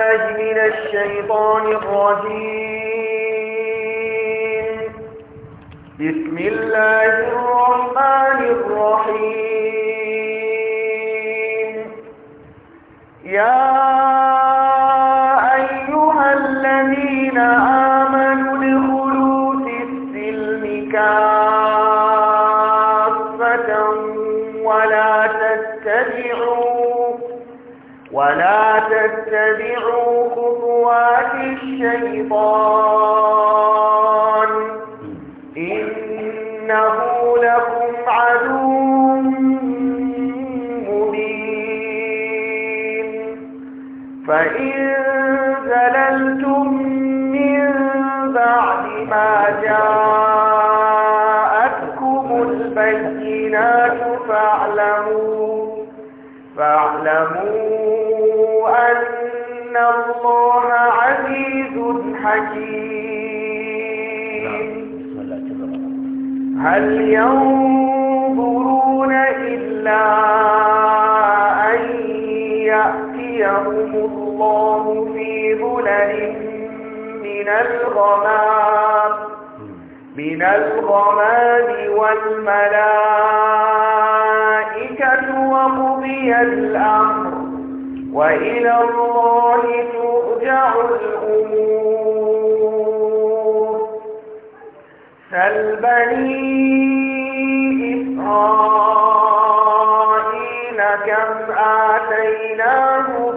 من الشيطان الرجيم بسم الله الرحمن الرحيم يا for هل ينظرون إلا أن يأتيهم الله في ظلل من الغمام من الغمام والملائكة وقضي الأمر وإلى الله ترجع الأمر سل بني إسرائيل كم آتيناهم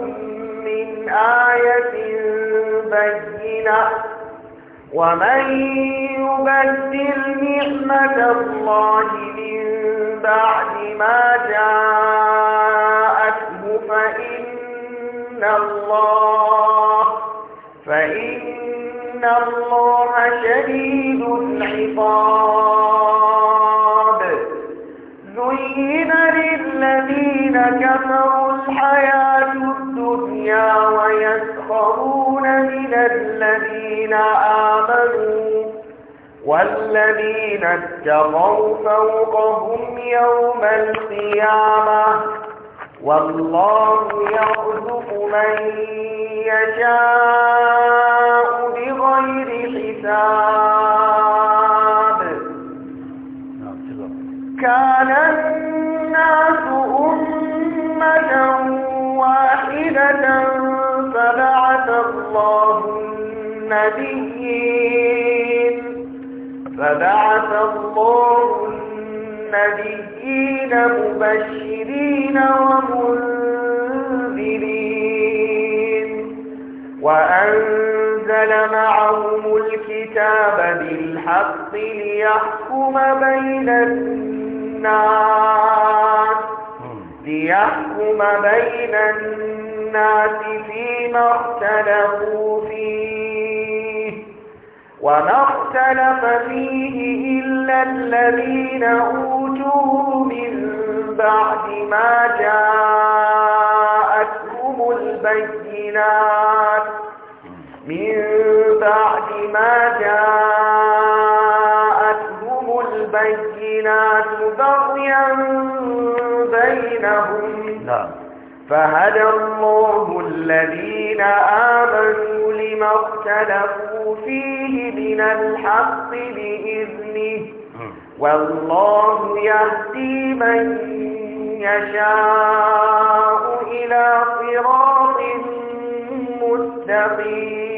من آية بينة ومن يبدل نعمة الله من بعد ما جاءته فإن الله فإن إن الله شديد العقاب زين للذين كفروا الحياة الدنيا ويسخرون من الذين آمنوا والذين اتقوا فوقهم يوم القيامة والله يرزق من يشاء بغير حساب كان الناس أمة واحدة فبعث الله النبيين فبعث الله النبيين مبشرين ومنذرين وأن أنزل معهم الكتاب بالحق ليحكم بين الناس ليحكم بين الناس فيما اختلفوا فيه وما اختلف فيه إلا الذين أوتوا من بعد ما جاءتهم البينات من بعد ما جاءتهم البينات بغيا بينهم نعم فهدى الله الذين آمنوا لما اختلفوا فيه من الحق بإذنه والله يهدي من يشاء إلى صراط مستقيم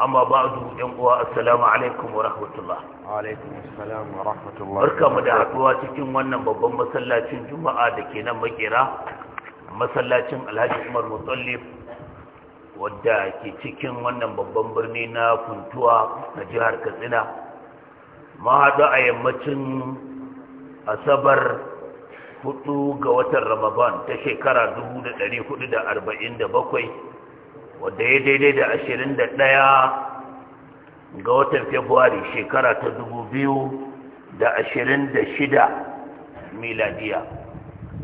amma ba'du yan uwa assalamu alaikum wa rahmatullah alaikum assalam wa rahmatullah barkamu da haduwa cikin wannan babban masallacin juma'a da ke nan makera masallacin alhaji umar mutallib wadda ke cikin wannan babban birni na funtuwa na jihar katsina mahaɗu a yammacin asabar hudu ga watan ramadan ta shekara 1447 wadda ya daidai da ashirin da ɗaya ga watan februari shekara ta dubu biyu da ashirin da shida miladiya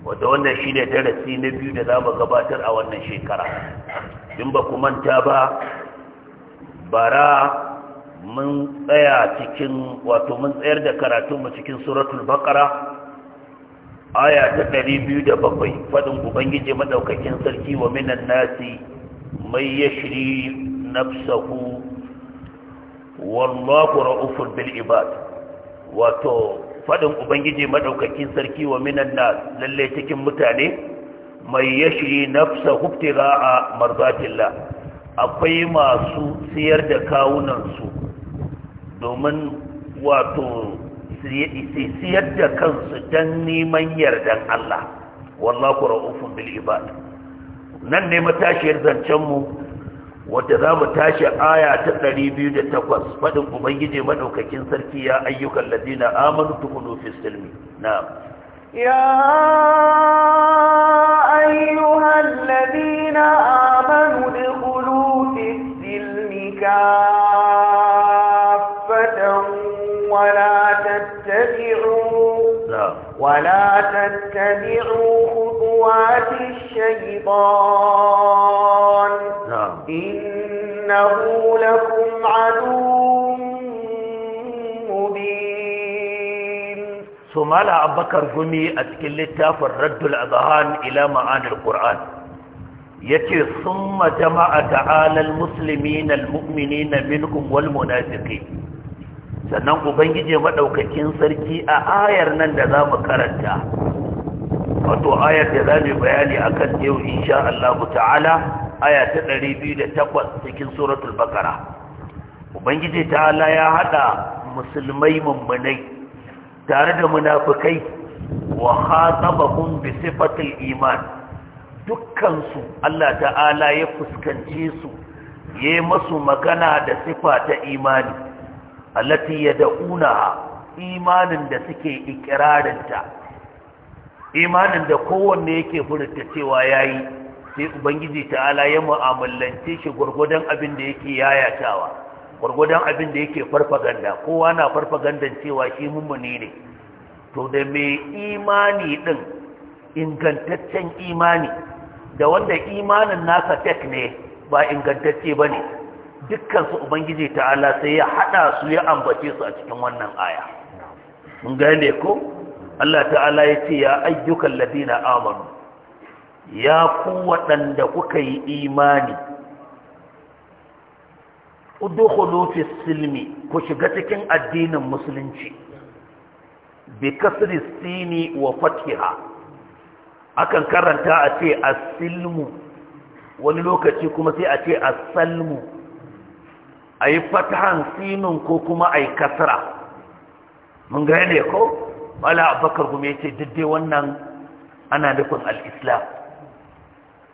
wadda wannan shi ne darasi na biyu da za mu gabatar a wannan shekara in ba ku manta ba bara mun tsaya cikin wato mun tsayar da karatunmu cikin suratul bakara aya ta 207 fadin ubangiji madaukakin sarki wa minan nasi من يشري نفسه والله رؤوف بالعباد wato faɗin ubangiji madaukakin sarki wa minan lallai lalle cikin mutane mai yashri nafsa a marzatillah akwai masu siyar da kawunan su domin wato siyar da kansu dan neman yardan Allah wallahu ra'ufun bil ibad nan ne matashiyar zancenmu wadda za mu tashi aya ta 208 faɗin ubangije maɗaukakin sarki ya ayyukan ladina amanu tukunu fi na ya ayyuhan ladina amanu tukunu fi silmi wala tattabi'u wala tattabi'u الشيطان نعم إنه لكم عدو مبين ثم على أبكر جمي أتكلتا فرد الأذهان إلى معاني القرآن يتي ثم جمع تعالى المسلمين المؤمنين منكم والمنافقين sannan ubangiji madaukakin sarki a ayar nan da za mu karanta wato ayar da za mu bayani akan yau insha Allah ta'ala aya ta 208 cikin suratul bakara ubangiji ta'ala ya hada musulmai mummunai tare da munafikai wa khatabahum bi sifatil iman dukkansu Allah ta'ala ya fuskance su ya masu magana da sifa ta imani allati yad'una imanin da suke ta. imanin da kowanne yake furta cewa ya yi, sai ubangiji ta'ala ya mu'amalance shi gwargwadon abin da yake yayatawa gwargwadon abin da yake farfaganda kowa na farfagandan cewa shi mummuni ne to da mai imani din ingantaccen imani da wanda imanin nasa tek ne ba ingantacce ba ne dukkansu ubangiji ta'ala sai ya haɗa su ya ambace su a cikin wannan aya mun gane ko Allah ta'ala ya ce ya ayyukan ladina amanu ya ku waɗanda kuka yi imani udkhulu silmi ku shiga cikin addinin musulunci bi kasri sini wa fatiha akan karanta a ce as-silmu wani lokaci kuma sai a ce as-salmu ayi fatahan sinin ko kuma ayi kasra mun gane ko mala abakar kuma ya ce dai wannan ana nufin al'islam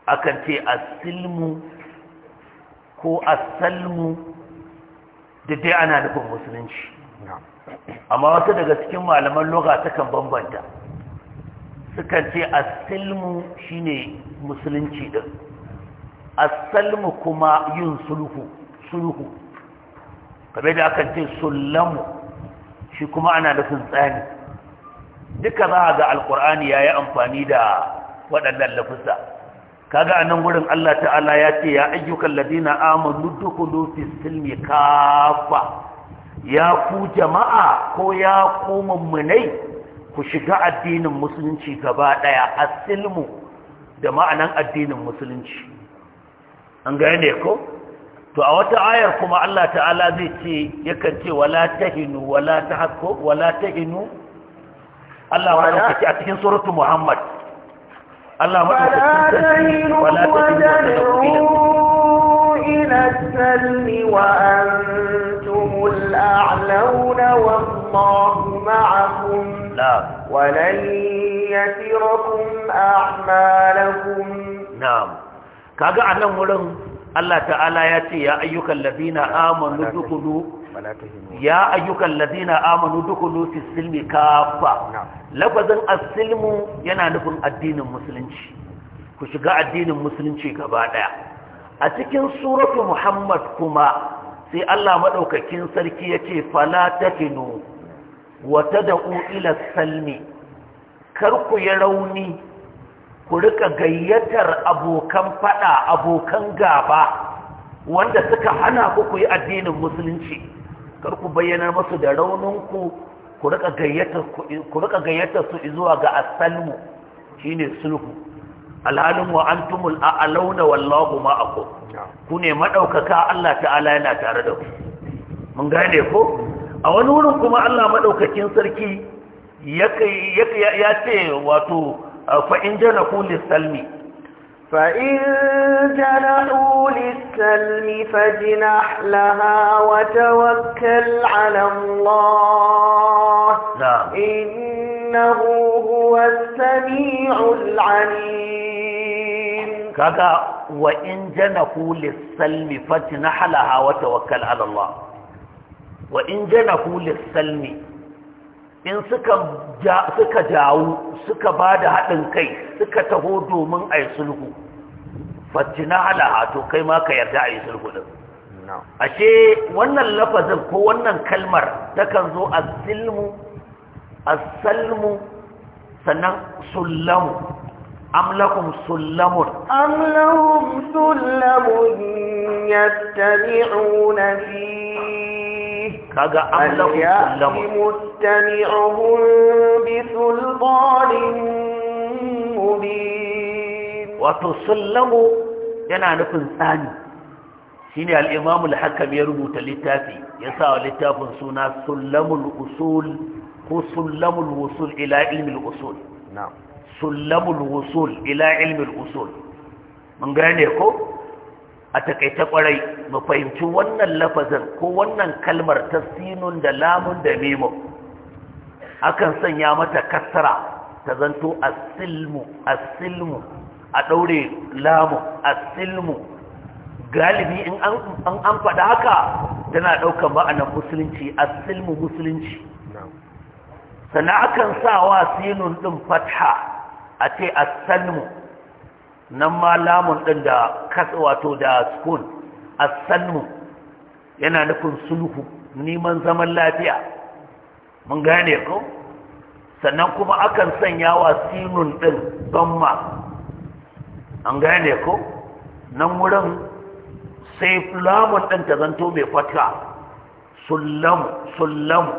akan ce as-silmu ko asalmu dai ana nufin musulunci amma wasu daga cikin malaman loga takan bambanta sukan ce shi shine musulunci din asalmu kuma yin sulhu sulhu kabe da akan ce sullamu shi kuma ana nufin tsani duka za a ga alkur'ani ya yi amfani da waɗannan lafusa kaga a nan wurin allah ta'ala ya ce ya ayyukan ladina amanu dukulu fi silmi kafa ya ku jama'a ko ya ku mummunai ku shiga addinin musulunci gaba ɗaya silmu da ma'anan addinin musulunci an ne ko to a wata ayar kuma Allah ta'ala zai ce yakan ce wala tahinu wala tahakku wala tahinu Allah ma da a cikin suratu Muhammad Allah ma da kake wala tadinu ila salmi wa anan wurin Allah ta'ala ya ce ya ayyukan ladina amanu dukulu ya ayyukan ladina amanu dukulu fi silmi kafa lafazin asilmu yana nufin addinin musulunci ku shiga addinin musulunci gaba daya a cikin suratu muhammad kuma sai Allah madaukakin sarki yace fala tafinu wa tad'u ila salmi kar ku ya rauni ku rika gayyatar abokan fada abokan gaba wanda suka hana ku ku yi addinin musulunci kar ku bayyana masu da rauninku ku rika gayyatar su zuwa ga asalmu shine sulhu alhalin wa antumul a'launa wallahu ma'ako ku ne madaukaka Allah ta'ala yana tare da ku mun gane ko a wani wurin kuma Allah madaukakin sarki ya ya ce wato fa in jana salmi. فإن جنحوا للسلم فاجنح لها وتوكل على الله نعم. إنه هو السميع العليم كذا وإن جنحوا للسلم فاجنح لها وتوكل على الله وإن جنحوا للسلم in suka jawo suka ba da haɗin kai suka taho domin a sulhu fattina halaha to kai ma ka yarda a yi sulhu din ashe wannan lafazin ko wannan kalmar takan zo a silmu a salmu sannan sullamu am lakum sullamun am lahum sullamun yattabi'una fihi kaga am lahum sullamun mustami'uhum bi sulbanin mubin wato sullamu yana nufin tsani shine al-imamu al-hakam ya rubuta littafi ya sa wa littafin suna sullamul usul ko sullamul wusul ila ilmi al-usul na'am wusul ila ilmi al-usul mun gane ko a takaice kwarai mu fahimci wannan lafazin ko wannan kalmar ta sinun da lamun da memo akan sanya mata kasra ta zanto as-silmu as-silmu a ɗaure lamu a silmu galibi in an faɗa haka tana ɗaukar ma'anar musulunci a silmu musulunci sannan akan sa wa sinun ɗin fatha a ce a salmu nan ma lamun ɗin da kasa wato da sukun a salmu yana nufin sulhu neman zaman lafiya mun gane ko sannan kuma akan sanya wa sinun ɗin don ma an gane ko nan wurin sai lamun ɗan ta zanto mai fata sullam lamu.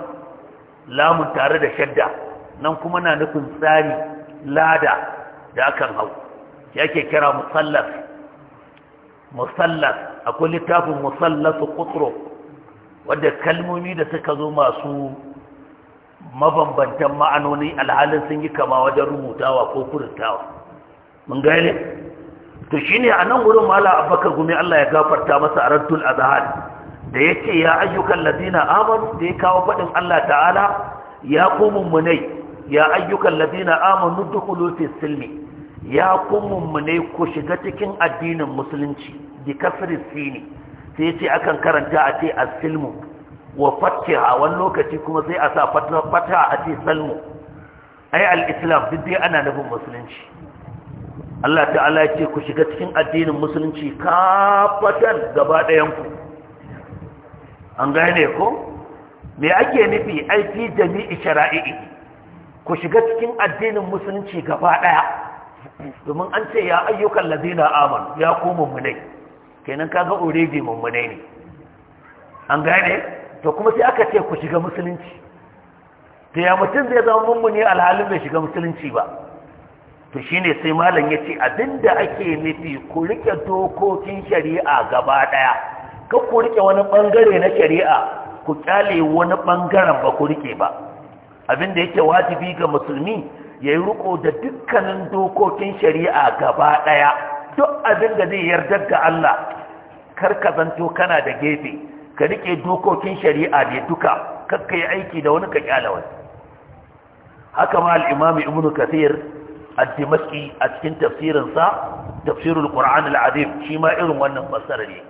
lamun tare da shadda nan kuma na nufin tsari lada da akan hau yake kira musallas musallas akwai littafin musallasu kusuro wadda kalmomi da suka zo masu mabambantan ma'anoni alhalin sun yi kama wajen rubutawa ko furtawa mun gane to shine a nan wurin mala abakar gumi Allah ya gafarta masa a raddul azhar da yake ya ayyukan ladina amanu da ya kawo faɗin Allah ta'ala ya ku munai, ya ayyukan ladina amanu dukhulu fi silmi ya ku munai ku shiga cikin addinin musulunci di kasri sini sai ce akan karanta a ce a silmu wa fatiha wani lokaci kuma sai a sa fatiha a ce salmu ai al-islam duk dai ana nufin musulunci Allah ta'ala ya ce ku shiga cikin addinin musulunci kafatan gaba ɗayanku an gane ko me ake nufi aiki jami'i shara'i'i ku shiga cikin addinin musulunci gaba ɗaya domin an ce ya ayyukan lazina aman ya ku mummunai kenan kaga uredi mummunai ne an gane to kuma sai aka ce ku shiga musulunci to ya mutum zai zama mummuni alhalin bai shiga musulunci ba to shi ne sai malam ya ce abinda ake nufi ku riƙe dokokin shari'a gaba ɗaya ka ku rike wani ɓangare na shari'a ku ƙyale wani ɓangaren ba ku rike ba abinda yake wajibi ga musulmi ya yi riko da dukkanin dokokin shari'a gaba ɗaya duk abinda zai yarda ga Allah kar ka zanto kana da gefe ka riƙe dokokin shari'a ne duka kakka yi aiki da wani ka ƙyale wani haka ma al'imami ibnu kasir ad-dimashqi a cikin tafsirin sa tafsirul qur'an al shi ma irin wannan fassara ne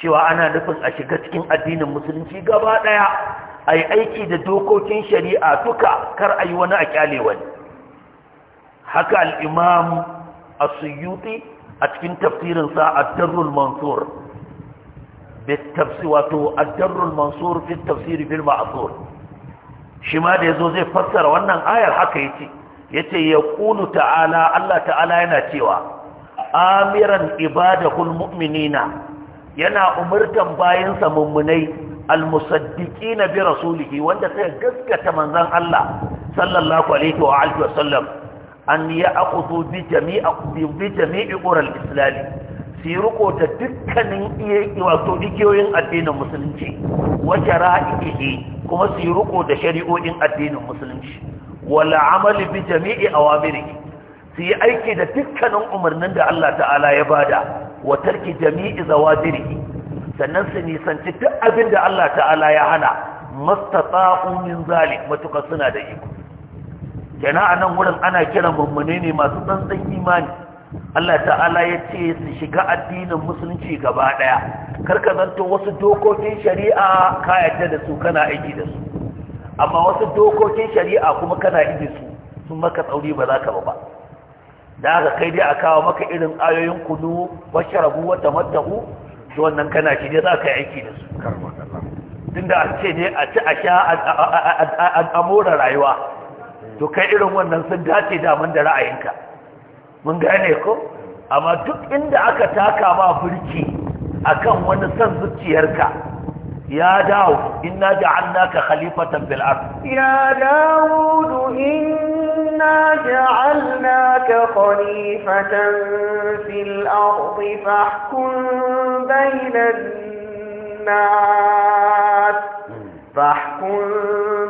cewa ana nufin a shiga cikin addinin musulunci gaba daya ai aiki da dokokin shari'a duka kar ayi wani akyale wani haka al-imam as-suyuti a cikin tafsirin sa ad-darrul mansur بالتفسير واتو الدر fi في التفسير بالمعصور shi ma da yazo zai fassara wannan ayar haka ya ce yace yaqulu ta'ala Allah ta'ala yana cewa amiran ibadahul mu'minina yana umurtan bayansa mummunai almusaddiqina bi rasulihi wanda sai gaskata manzon Allah sallallahu alaihi wa alihi wasallam an ya'khudhu bi jami'a bi jami'i qural islam ruko da dukkanin iyayi wato dikiyoyin addinin musulunci wa jara'ihi kuma ruko da shari'o'in addinin musulunci Wala amali bi jami'i awamiri su yi aiki da dukkanin umarnin da Allah ta'ala ya bada wa tarki jami'i zawadiri sannan su nisanci duk abin da Allah ta'ala ya hana mastata'u min zalik matuka suna da iko kenan a nan wurin ana kiran mummune ne masu tsantsan imani Allah ta'ala ya ce su shiga addinin musulunci gaba daya karka zanto wasu dokokin shari'a ka yadda da su kana aiki da su amma wasu dokokin shari'a kuma kana iji su sun maka tsauri ba za ka ba ba da aka kai dai a kawo maka irin ayoyin kunu washarabu wata matahu to wannan kana shi dai za ka yi aiki da su tunda a ce ne a ci a sha a rayuwa to kai irin wannan sun dace daman da ra'ayinka mun gane ko amma duk inda aka taka ma birki akan wani son zuciyarka يا داود إنا جعلناك خليفة في الأرض يا داود إنا جعلناك خليفة في الأرض فاحكم بين الناس فاحكم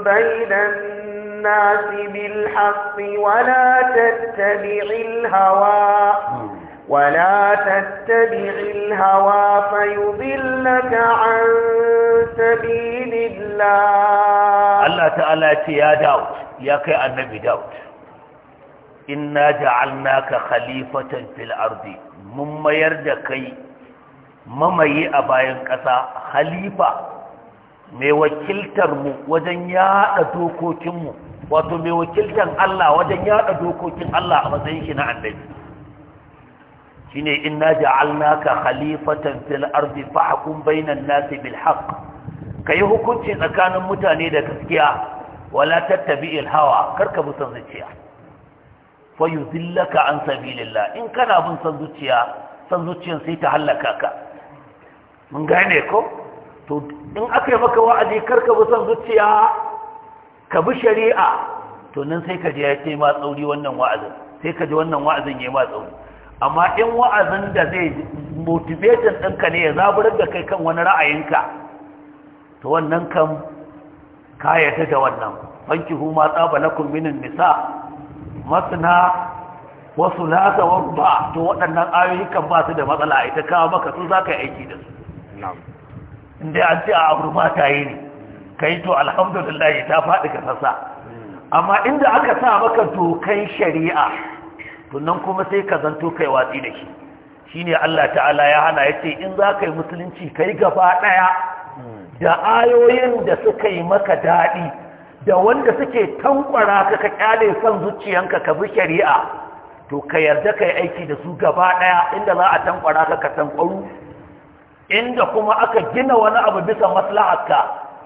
بين الناس بالحق ولا تتبع الهوى ولا تتبع الهوى فيضلك عن سبيل الله الله تعالى يا داود يا كي النبي داود إنا جعلناك خليفة في الأرض مما يردكي مما يأباين كسا خليفة mai wakiltarmu wajen yada dokokinmu wato mai wakiltar Allah wajen yada dokokin Allah a matsayin shi na annabi shine inna ja'alnaka khalifatan fil ardi fahkum bainan nasi bil haqq kai hukunci tsakanin mutane da gaskiya wala tattabi'il hawa karka bi san zuciya fa yudillaka an sabilillah in kana bin san zuciya san zuciyan sai ta halaka ka mun gane ko to in aka yi maka wa'azi karka bi san zuciya ka bi shari'a to nan sai ka je ya ce ma tsauri wannan wa'azin sai ka ji wannan wa'azin ya ma tsauri amma in wa'azin da zai motivation ɗinka ne ya zaburar da kai kan wani ra'ayinka to wannan kan kayata da wannan banki huma tsaba na minin nisa masana wasu lasa wamba to waɗannan ayoyi kan ba su da matsala ita kawo maka su za ka aiki da su inda an ce a abu mata yi ne ka yi to alhamdulillah ta faɗi ka sassa hmm. amma inda aka sa maka dokan shari'a tunan kuma sai ka zanto kai watsi da shi shine Allah ta'ala ya hana ya ce in za ka yi musulunci kai gaba daya da ayoyin da suka yi maka daɗi da wanda suke tankwara ka ka kyale son zuciyanka ka bi shari'a to ka yarda ka yi aiki da su gaba ɗaya inda za a tankwara ka ka tankwaru inda kuma aka gina wani abu bisa maslahatka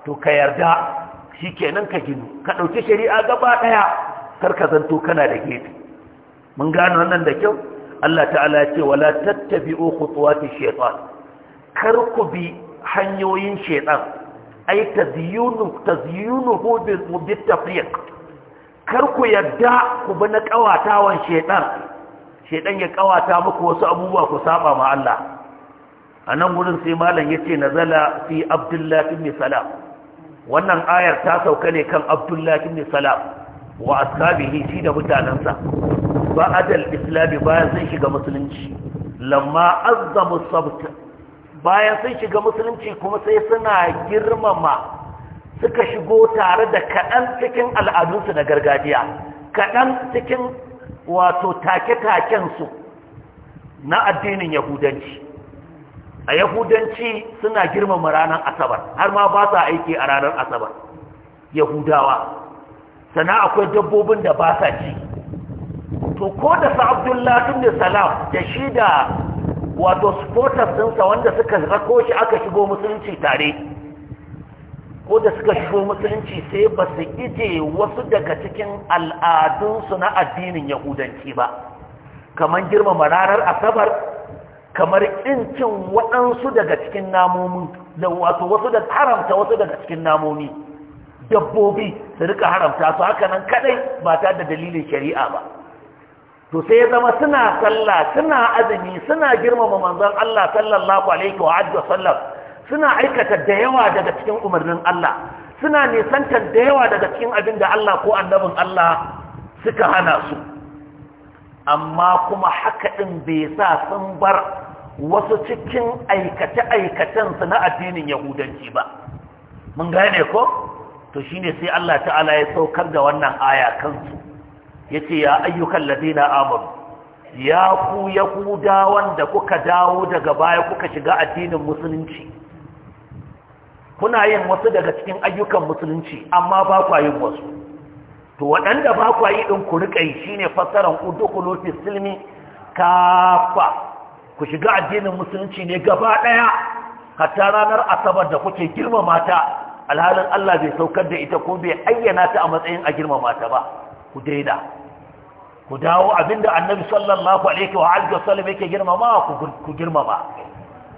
to ka yarda shi kenan ka ginu ka ɗauki shari'a gaba ɗaya kar ka zanto kana da gefe mun gane wannan da kyau Allah ta'ala ya ce wala tattabi'u khutuwati shaytan kar ku bi hanyoyin shaytan ay hu bi mudtafiq kar ku yadda ku bi na kawatawan shaytan shaytan ya kawata muku wasu abubuwa ku saba ma Allah anan gurin sai malam yace nazala fi abdullahi ibn salam wannan ayar ta sauka ne kan abdullahi ibn salam wa ashabihi shi da mutanansa ba'adal islami bayan sun shiga musulunci lamma azzamu sabta bayan sun shiga musulunci kuma sai suna girmama suka shigo tare da kaɗan cikin al'adunsu na gargajiya kaɗan cikin wato take taken su na addinin yahudanci a yahudanci suna girmama ranar asabar har ma ba sa aiki a ranar asabar yahudawa sana akwai dabbobin da ba sa ci to ko da sa abdullahi ibn salam da shi da wato supporters ɗinsa wanda suka rako shi aka shigo musulunci tare ko da suka shigo musulunci sai ba su ije wasu daga cikin al'adunsu na addinin yahudanci ba kamar girmama ranar asabar kamar incin cin waɗansu daga cikin namomi da wato wasu da haramta wasu daga cikin namomi dabbobi su rika haramta su haka nan kadai ba ta da dalilin shari'a ba to sai ya zama suna sallah suna azumi suna girmama manzon Allah sallallahu alaihi wa alihi wasallam suna aikata da yawa daga cikin umarnin Allah suna nisantar da yawa daga cikin abin da Allah ko annabin Allah suka hana su amma kuma haka din bai sa sun bar wasu cikin aikace-aikacen su na addinin yahudanci ba mun gane ko to shine sai Allah ta'ala ya saukar da wannan aya kansu yace ya ayyukan ladina Amadu. ya ku da wanda kuka dawo daga baya kuka shiga addinin musulunci kuna yin wasu daga cikin ayyukan musulunci amma ba kwa yin wasu to waɗanda ba kwa yi ɗin ku riƙa shine fassaran udkhulu fi silmi kafa ku shiga addinin musulunci ne gaba ɗaya hatta ranar asabar da kuke girmama ta alhalin Allah bai saukar da ita ko bai ayyana ta a matsayin a girmama ta ba ku daina ku dawo abinda annabi sallallahu alaihi wa alihi wasallam yake girmama ku girmama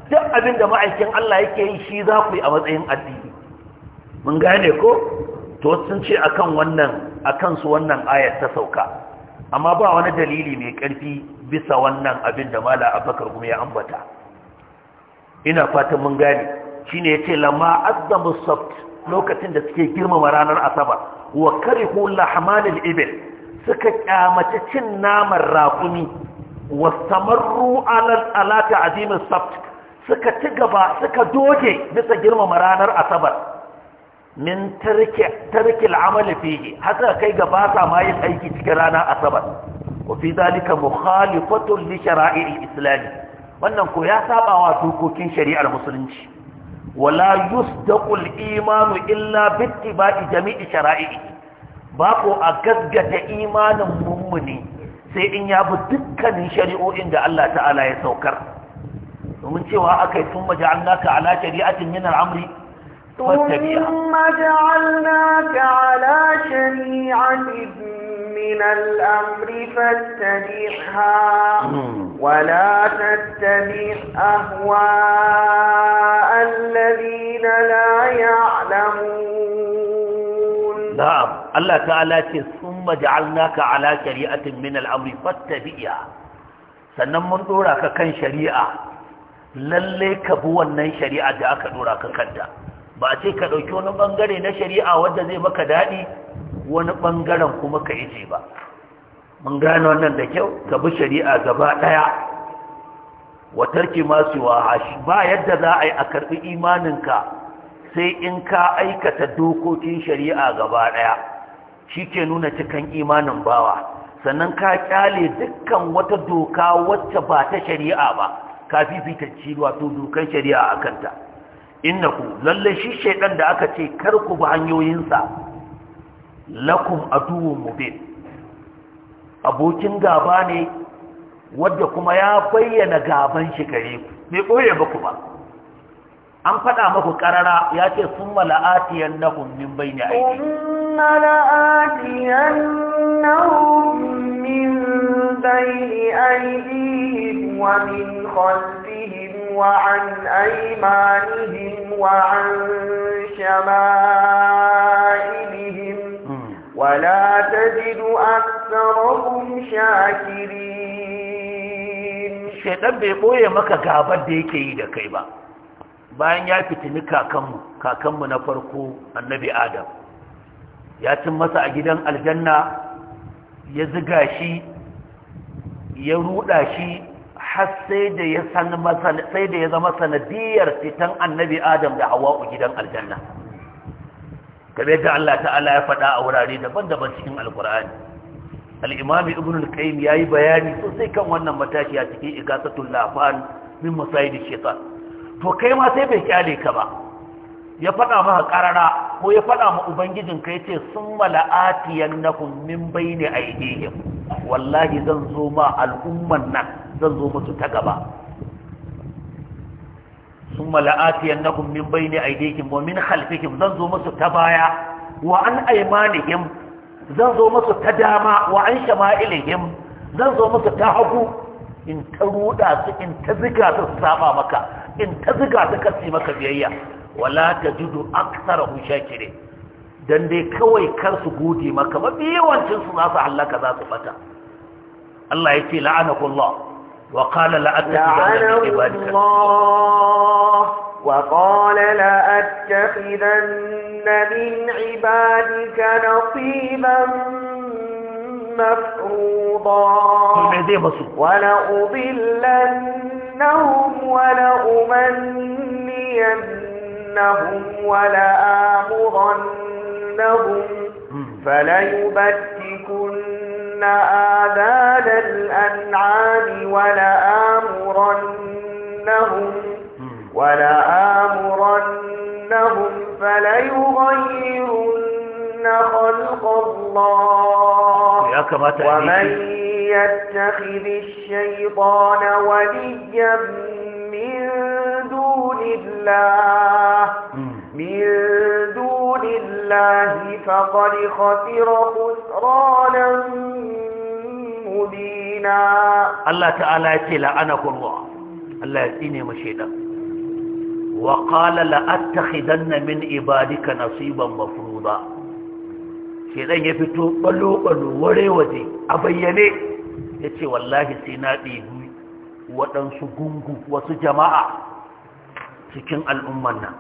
duk abinda ma'aikin Allah yake yi shi za ku yi a matsayin addini mun gane ko to sun ce akan wannan akan su wannan ayat ta sauka amma ba wani dalili mai karfi bisa wannan abinda mala abakar kuma ya ambata ina fatan mun gane shine yace lamma azzamu sabt lokacin da suke girmama ranar asabar wa karihu lahmanil ibil suka kyamace cin naman raƙumi wa samarru ala ta'zimin sabt suka ci gaba suka doge bisa girmama ranar asabar min tarki tarke al'amali fihi haka kai gaba sa ma yin aiki cikin ranar asabar wa fi zalika mukhalifatun li shara'i al-islam wannan ko ya saba wa dokokin shari'ar musulunci wala yusdaqul imanu illa bittiba'i jami'i shara'i ba ko a gaggata imanin mummuni sai in ya bi dukkanin shari'o'in da Allah ta'ala ya saukar domin cewa akai tun maja'alnaka ala shari'atin min al-amri ثم جعلناك على شريعة من الأمر فاتبعها ولا تتبع أهواء مع الذين لا يعلمون نعم الله تعالى ثم جعلناك على شريعة من الأمر فاتبئها sannan mun ɗora ka kan shari'a Lallai ka bi wannan shari'a da aka ɗora ka kanta ba a ce ka ɗauki wani bangare na shari'a wanda zai maka daɗi. wani bangaren kuma ka ije ba mun gane wannan da kyau ka bi shari'a gaba ɗaya. wa tarki ma hashi ba yadda za a yi a karbi imaninka sai in ka aikata dokokin shari'a gaba daya ke nuna cikin imanin bawa sannan ka kyale dukkan wata doka wacce ba ta shari'a ba ka fifitacci wato dokan shari'a a kanta. inna innaku lalle shi shaidan da aka ce karku ku bi hanyoyinsa lakum aduwwun mubin abokin gaba ne wadda kuma ya bayyana gaban shi gare ku bai koye muku ba an faɗa muku karara ya ce sun mala'atiyan na hummin bai ne aiki mala'atiyan na hummin bai aiki wa min khalfihim wa an aimanihim wa an shama'ilihim ولا تجد أكثرهم شاكرين shaidan bai ɓoye maka gabar da yake yi da kai ba bayan ya fitini kakanmu kakanmu na farko annabi adam ya cin masa a gidan aljanna ya ziga shi ya ruɗa shi har sai da ya zama sanadiyar fitan annabi adam da hawa'u gidan aljanna kamar yadda Allah ta'ala ya faɗa a wurare daban-daban cikin alkur'ani al'imami ibn al-qayyim ya yi bayani sosai kan wannan matashi a cikin ikasatun lafan min musayi da shekar to kai ma sai bai kyale ka ba ya faɗa maka ƙarara ko ya faɗa ma ubangijin ka ya ce sun mala'atiyan na min bai ne a idihim wallahi zan zo ma al'umman nan zan zo musu ta gaba sun mala'atiyan na min bai ne a idihim wa min halfikim zan zo musu ta baya wa an aimanihim zan zo masu ta dama wa an shama'ilihim zan zo masu ta hagu in ta ruda su in ta su saba maka in ta ziga su kasi maka biyayya wala tajidu aktsarahum kire, dan dai kawai kar su gode maka ba yawancin su za su halaka za su bata Allah yake la'anakullah wa qala la'attakhidhanna min ibadika وقال لأتخذن من عبادك نصيبا مفروضا ولأضلنهم ولأمنينهم ولآمرنهم فليبتكن آذان الأنعام ولآمرنهم ولآمرنهم فليغيرن خلق الله ومن يتخذ الشيطان وليا من دون الله من دون الله فقد خسر خسرانا مبينا الله تعالى يتلى أنا الله الله يتيني مشيئا wa qala la attakhidanna min ibadika nasiban mafruda shedan ya fito ballo ballo ware waje a bayyane yace wallahi sai na ɗebi waɗansu gungu wasu jama'a cikin al'umman nan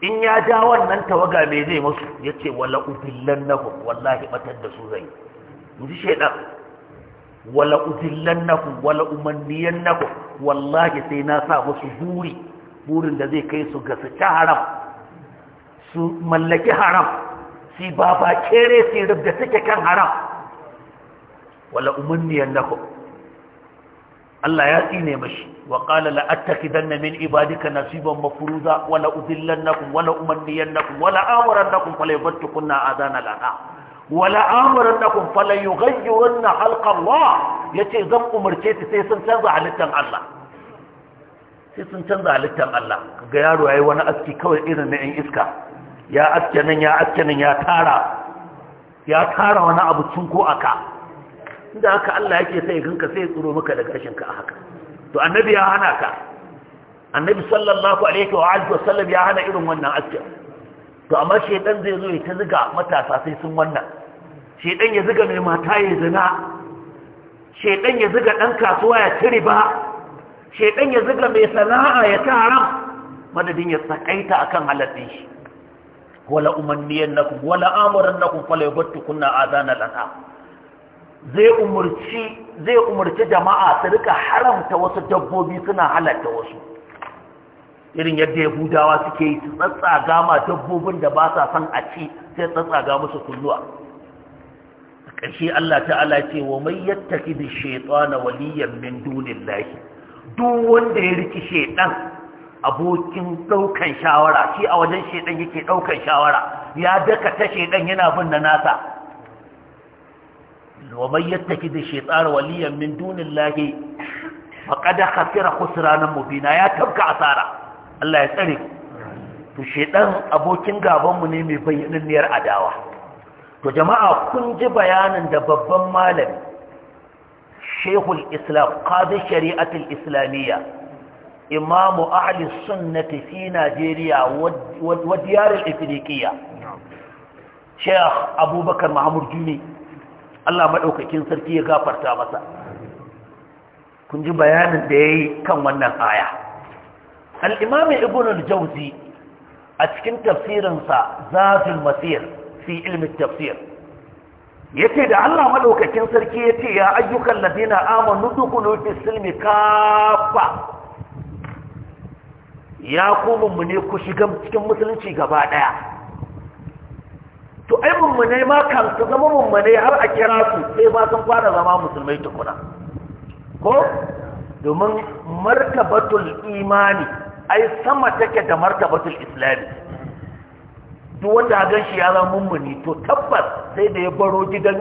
in ya ja wannan tawaga mai zai musu ya ce wala udillan na ku wallahi batar da su zai ji shaidan wala udillan na ku na ku sai na sa musu buri burin da zai kai su ga su ci haram su mallaki haram su ba ba kere su da suke kan haram wala umarniyar na Allah ya tsine mashi wa qala la attakidanna min ibadika nasiban mafruza wala udillannakum wala umanniyannakum wala amuran na kun, kwale amurannakum fala a zana lana wala amuran na kun, amurannakum fala yughayyirunna halqa ya ce zan umarce ta sai sun canza halittan Allah sai sun canza halittar Allah ga yaro ya yi wani aski kawai irin na yan iska ya aske nan ya aske nan ya tara ya tara wani abu a aka inda haka Allah yake sai ganka sai ya tsoro maka da gashin ka haka to annabi ya hana ka annabi sallallahu alaihi wa alihi wasallam ya hana irin wannan aski to amma shedan zai zo ya ta zuga matasa sai sun wannan shedan ya zuga mai mata ya zina shedan ya zuga dan kasuwa ya ci riba shaidan ya zuga mai sana'a ya ta haram madadin ya tsakaita akan umanniyan shi wala umanniyannakum wala amurannakum ya yabattukunna adana lana zai umurci zai umurci jama'a su rika haramta wasu dabbobi suna halatta wasu irin yadda ya budawa suke yi su tsatsa ma dabbobin da ba sa son a ci sai tsatsa tsatsaga musu kulluwa ƙarshe Allah ta'ala ce wa mai yattaki da na waliyan min dunin duk wanda ya riki shedan abokin daukan shawara shi a wajen shedan yake daukan shawara ya daka ta shedan yana bin na nasa wa man yattaki da shaytan waliyan min dunillahi faqad khasira mu mubina ya tabka asara Allah ya tsare to shedan abokin gaban mu ne mai bayyananniyar adawa to jama'a kun ji bayanin da babban malami shekul islam qadi shari'atul islamiyya imamu ahli sunnati fi najeriya wa diyarul ifriqiyya sheikh abubakar mahmud juni Allah madaukakin sarki ya gafarta masa kun ji bayanin da yayi kan wannan aya al-imam ibn a cikin tafsirinsa zadul masir fi ilmi tafsir yace da Allah madaukakin sarki yace ya ayyukan ladina amanu dukulu fi silmi kafa ya kuma mu ne ku shiga cikin musulunci gaba daya to ai mummune ma kan su zama mummune har a kira su sai ba sun fara zama musulmai tukuna ko domin martabatul imani ai sama take da martabatul islami duk wanda a gan shi ya zama mummuni to tabbas sai da ya baro gidan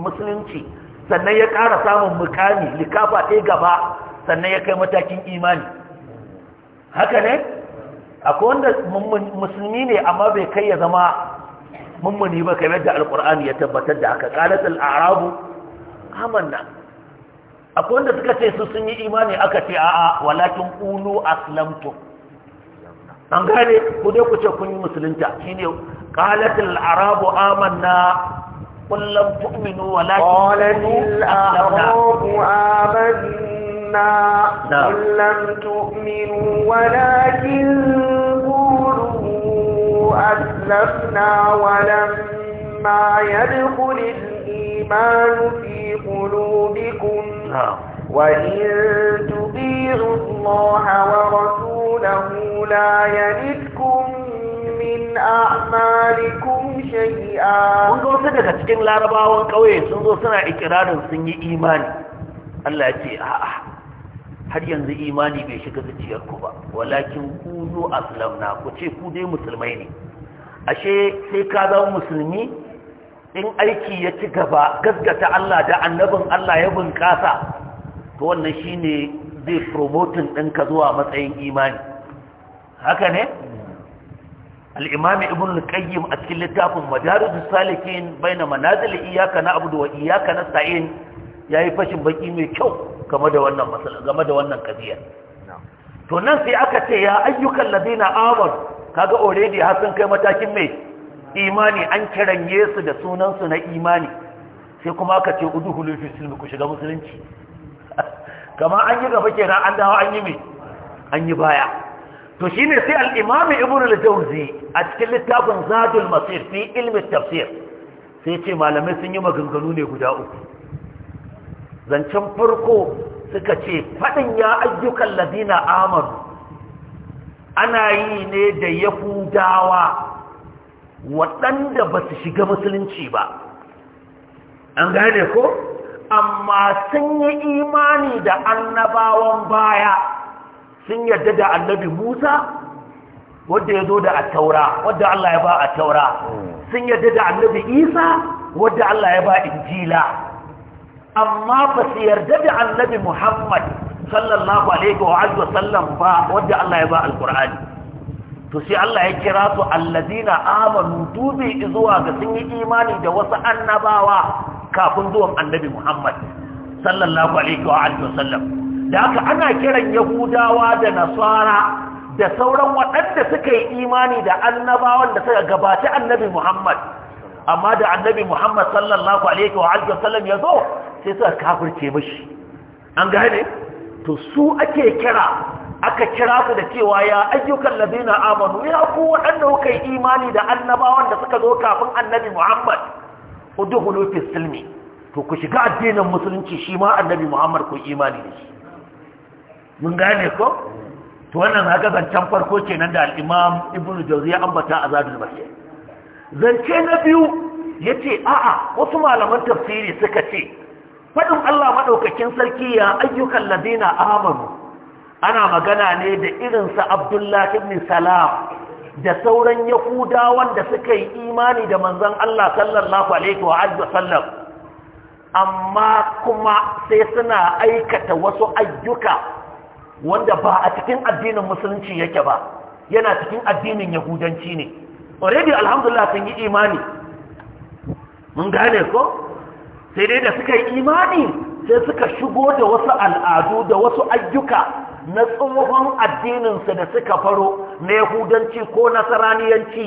musulunci sannan ya ƙara samun mukami likafa ɗaya gaba sannan ya kai matakin imani haka ne akwai wanda musulmi ne amma bai kai ya zama mummuni ba kamar da Alƙur'ani ya tabbatar da haka qalat al'arabu arabu amanna akwai wanda suka ce su sun yi imani aka ce a'a walakin ulu aslamtum an gane ku dai ku ce kun yi musulunta shine qalatul arabu amanna kullum tu'minu walakin qalatul arabu amanna kullum tu'minu walakin qulu aslamna walam ما يدخل الإيمان في وإن تطيعوا الله ورسوله لا يلدكم من أعمالكم شيئا منذ سنة cikin larabawan ƙauye sun zo suna ikirarin sun yi imani Allah a'a har yanzu imani bai shiga zuciyarku ba walakin kunu aslamna ku ce ku dai musulmai ne ashe sai ka zama musulmi in aiki ya ci gaba gaskata Allah da annabin Allah ya bunƙasa to wannan shi ne zai promoting ɗinka zuwa matsayin imani haka ne al'imami ibn al-qayyim a cikin littafin majalis salikin bai na manazali iyaka na abu wa iyaka na sa'in ya yi fashin baki mai kyau game da wannan kabiya. to nan sai aka ce ya ayyukan ladina amur kaga already har sun kai matakin mai imani an kiran yesu da sunansu na imani sai kuma aka ce uduhulu fi silmi ku shiga musulunci kamar an yi gaba kenan an dawo an yi mai an yi baya to shine sai al-imam ibn al-jawzi a cikin littafin zadul masir fi ilmi tafsir sai ce malamai sun yi maganganu ne guda uku zancen farko suka ce fadin ya ayyukan ladina amanu ana yi ne da yahudawa waɗanda ba su shiga musulunci ba an gane ko amma sun yi imani da annabawan baya sun yadda da annabi Musa wadda ya zo da attaura wadda Allah ya ba attaura sun yadda da annabi Isa wadda Allah ya ba injila amma ba su yarda da annabi Muhammad sallallahu alaihi wa sallam ba wadda Allah ya ba alqur'ani to sai Allah ya kira su allazina amanu dubi zuwa ga sun yi imani da wasu annabawa kafin zuwan annabi Muhammad sallallahu alaihi wa alihi wasallam da haka ana kiran yahudawa da nasara da sauran waɗanda suka yi imani da annabawan da suka gabata annabi Muhammad amma da annabi Muhammad sallallahu alaihi wa alihi wasallam ya zo sai suka kafirce mishi an gane to su ake kira aka kira ku da cewa ya ayyukan ladina amanu ya ku waɗanda kuka yi imani da annabawan da suka zo kafin annabi Muhammad udkhulu fi silmi to ku shiga addinin musulunci shi ma annabi Muhammad ku imani ne. mun gane ko to wannan haka zancen farko kenan da al-Imam Ibn Jawzi ya ambata a Zadul zance na biyu yace a'a wasu malaman tafsiri suka ce fadin Allah madaukakin sarki ya ayyukan ladina amanu ana magana ne da irinsa Abdullahi ibn Salam da sauran Yahuda, wanda suka yi imani da manzon Allah sallallahu alaihi wa sallam amma kuma sai suna aikata wasu ayyuka wanda ba a cikin addinin musulunci yake ba yana cikin addinin yahudanci ne already alhamdulillah sun yi imani mun gane ko sai dai da suka yi imani sai suka shigo da wasu al'adu da wasu ayyuka na tsohon addininsu da suka faro na yahudanci ko nasaraniyanci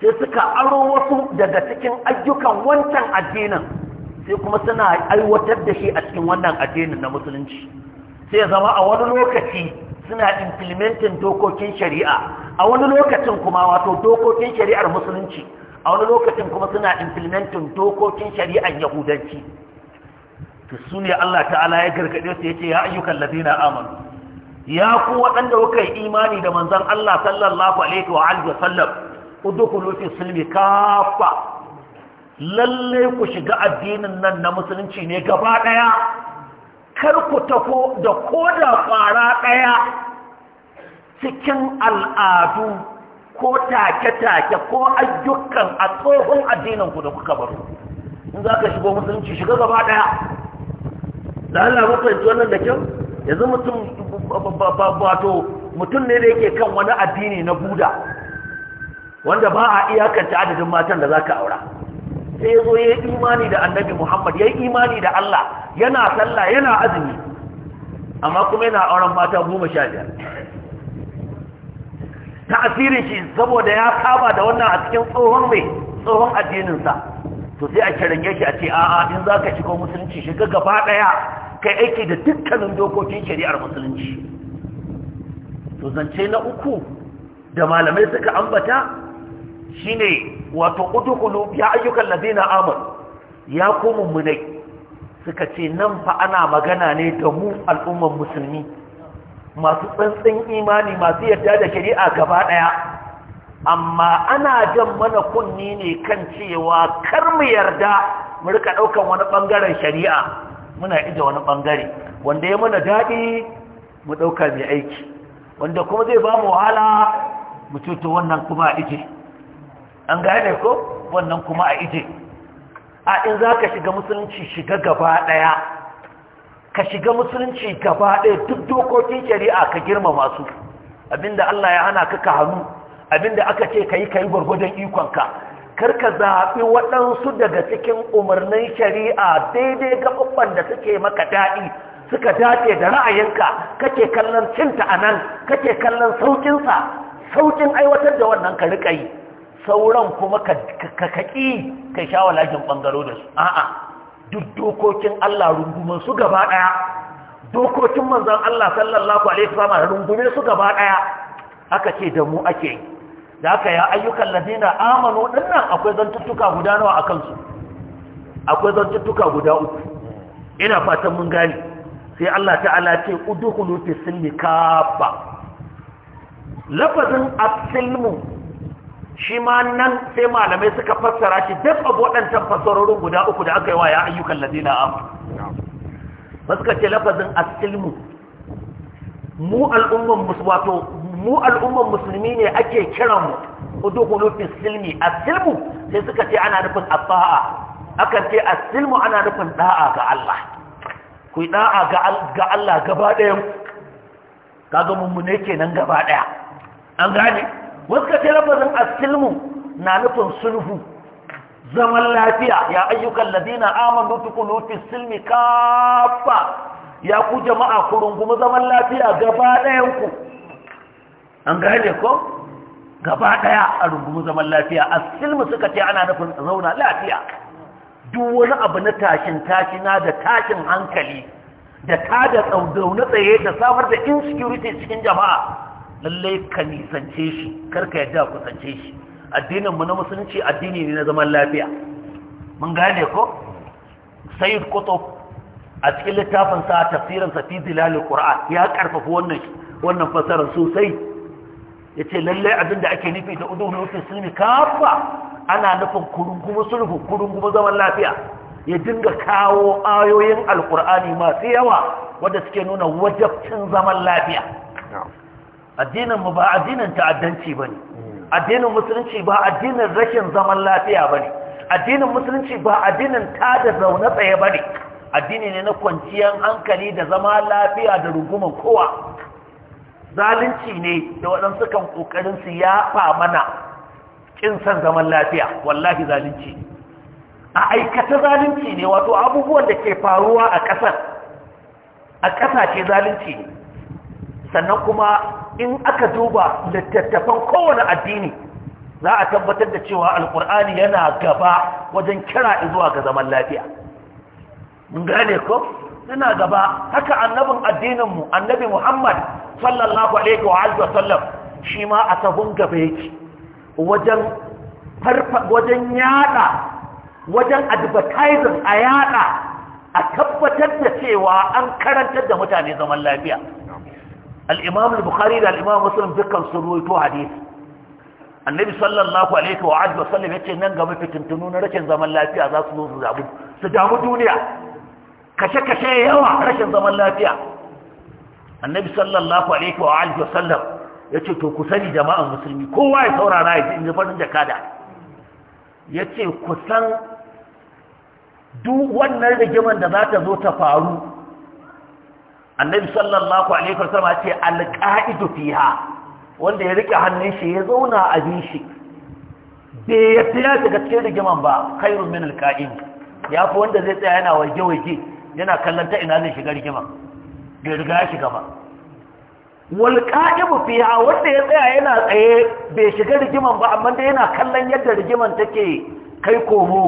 sai suka aro wasu daga cikin ayyukan wancan addinin sai kuma suna aiwatar da shi a cikin wannan addinin na musulunci sai zama a wani lokaci suna implementin dokokin shari'a a wani lokacin kuma wato dokokin shari'ar musulunci a wani lokacin kuma suna implementin dokokin shari'ar yahudanci su ne Allah ta'ala ya gargaɗe su ya ce ya ayyukan ladina amanu ya ku waɗanda kuka yi imani da manzon Allah sallallahu alaihi wa alihi wasallam udkhulu fi silmi kafa lalle ku shiga addinin nan na musulunci ne gaba daya kar ku tafo da koda fara daya cikin al'adu ko take-take ko ayyukan a tsohon addininku da kuka baro in za ka shigo musulunci shiga gaba daya da Allah mutunci wannan da kyau yanzu mutum wato mutum ne da yake kan wani addini na buda wanda ba a iyakanta adadin matan da za ka aura sai ya zo ya yi imani da annabi muhammad ya yi imani da allah yana sallah yana azumi amma kuma yana auren mata goma sha biyar ta'asirin shi saboda ya saba da wannan a cikin tsohon mai tsohon addininsa to sai a kirange shi a ce a'a in za ka shiga musulunci shiga gaba ɗaya kai aiki da dukkanin dokokin shari'ar musulunci to zance na uku da malamai suka ambata shine wato udkhulu ya ayyukan ladina amanu ya ku Munai, suka ce nan fa ana magana ne da mu al'ummar musulmi masu tsantsin imani masu yarda da shari'a gaba daya amma ana jan mana kunni ne kan cewa kar mu yarda mu rika daukan wani bangaren shari'a muna ije wani bangare wanda ya mana daɗi mu ɗauka mai aiki wanda kuma zai ba mu wahala mu cuto wannan kuma a ije an gane ko wannan kuma a ije a in za ka shiga musulunci shiga gaba ɗaya ka shiga musulunci gaba ɗaya duk dokokin shari'a ka girma masu, abinda Allah ya hana ka ka hannu abinda aka ce ka yi ka yi gwargwadon ikonka karka zaɓi waɗansu daga cikin umarnin shari'a daidai ga gaɓuɓɓan da suke maka daɗi suka dace da ra'ayinka kake kallon cinta a nan kake kallon sauƙinsa sauƙin aiwatar da wannan ka riƙa yi sauran kuma ka kaƙi ka sha walakin ɓangaro da su a'a duk dokokin Allah rungumin su gaba ɗaya dokokin manzan Allah sallallahu alaihi wasallam rungume su gaba ɗaya aka ce da mu ake yi da aka yi ayyukan lazina amanu dinnan akwai zantuttuka guda nawa a kansu akwai zantuttuka guda uku ina fatan mun gani. sai Allah ta'ala ce udkhulu fi silmi kafa lafazin asilmu shi ma nan sai malamai suka fassara shi duk waɗancan fassarorin guda uku da aka yi wa ya ayyukan lafina amano ba suka ce lafazin asilmu mu al'umman musu wato mu al'umman musulmi ne ake kiran mu udkhulu fi silmi a silmu sai suka ce ana nufin at akan ce a silmu ana nufin da'a ga Allah ku yi da'a ga Allah gaba ɗayan kaga mummune kenan gaba ɗaya an gane wasu ka ce lafazin a silmu na nufin sulhu zaman lafiya ya ayyukan ladina aman tukunu fi silmi kafa ya ku jama'a ku rungumi zaman lafiya gaba ɗayan ku an gane ko gaba daya a rungumu zaman lafiya a mu suka ce ana nufin zauna lafiya duk wani abu na tashin na da tashin hankali da ta da na tsaye da samar da insecurity cikin jama'a lallai ka nisance shi karka yadda sance shi addinin mu na musulunci addini ne na zaman lafiya mun gane ko sayyid qutb a cikin littafin sa tafsirin sa fi zilalul qur'an ya karfafa wannan wannan fasarar sosai yace lalle abin da ake nufi da udhulu fi sulmi kafa ana nufin kurungumu sulhu kurungumu zaman lafiya ya dinga kawo ayoyin alkur'ani masu yawa wadda suke nuna wajabcin zaman lafiya addinin mu ba addinin ta'addanci bane hmm. addinin musulunci ba addinin rashin zaman lafiya bane addinin musulunci ba addinin ta da zaune tsaye bane addini ne na kwanciyar hankali da zama lafiya da ruguman kowa zalunci ne da waɗansu kan ƙoƙarin su fa mana ƙin san zaman lafiya wallahi zalunci a aikata zalunci ne wato abubuwan da ke faruwa a ƙasar a ƙasashe zalunci sannan kuma in aka duba littattafan kowane addini za a tabbatar da cewa Alƙur'ani yana gaba wajen kira zuwa ga zaman lafiya mun gane ko suna gaba haka annabin addininmu annabi muhammad sallallahu alaihi wa alihi wasallam shi ma a sahun gaba yake wajen wajen yada wajen advertising a yada a tabbatar da cewa an karantar da mutane zaman lafiya al-imam al-bukhari da al-imam muslim dukkan sun ruwaito hadisi annabi sallallahu alaihi wa alihi wasallam yace nan gaba fitintunu na rashin zaman lafiya za su zo su damu duniya kashe-kashe yawa rashin zaman lafiya annabi sallallahu alaihi wa alihi wa sallam ya ce to ku sani jama'an musulmi kowa ya saurara ya ji in ji farin jakada ya ce ku san duk wannan rigiman da za ta zo ta faru annabi sallallahu alaihi wa sallam ce alqa'idu fiha wanda ya rike hannun shi ya zauna a bin shi bai yadda ya shiga cikin rigiman ba khairun min alqa'im ya fi wanda zai tsaya yana waje-waje yana kallon ta ina zai shiga rigima bai riga ya shiga ba wal qa'imu fiha wanda ya tsaya yana tsaye bai shiga rigiman ba amma dai yana kallon yadda rigiman take kai komo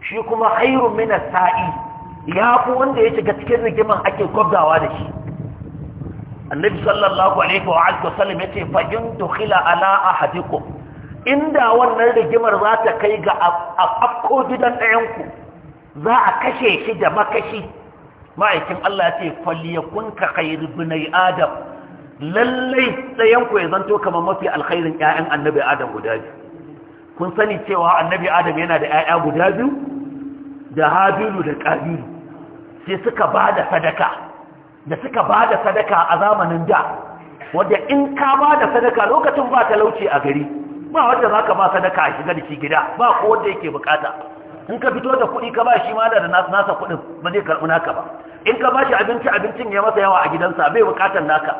shi kuma hayrun mina sa'i ya fi wanda ya shiga cikin rigiman ake kwabdawa da shi annabi sallallahu alaihi wa alihi wasallam yace fa in tukhila ala ahadikum inda wannan rigimar za ta kai ga afko gidan ɗayan ku za a kashe shi da makashi ma'aikin Allah ya ce kun ka khairu bunai adam lallai tsayan ku ya zanto kamar mafi alkhairin ƴaƴan annabi adam guda biyu kun sani cewa annabi adam yana da ƴaƴa guda biyu da habilu da qabilu sai suka bada sadaka da suka bada sadaka a zamanin da wanda in ka bada sadaka lokacin ba talauci a gari ba wanda zaka ba sadaka a shiga da shi gida ba ko wanda yake bukata in ka fito da kuɗi ka ba shi ma da nasa kuɗin ba zai karɓi naka ba in ka ba shi abinci abincin ya masa yawa a gidansa bai buƙatar naka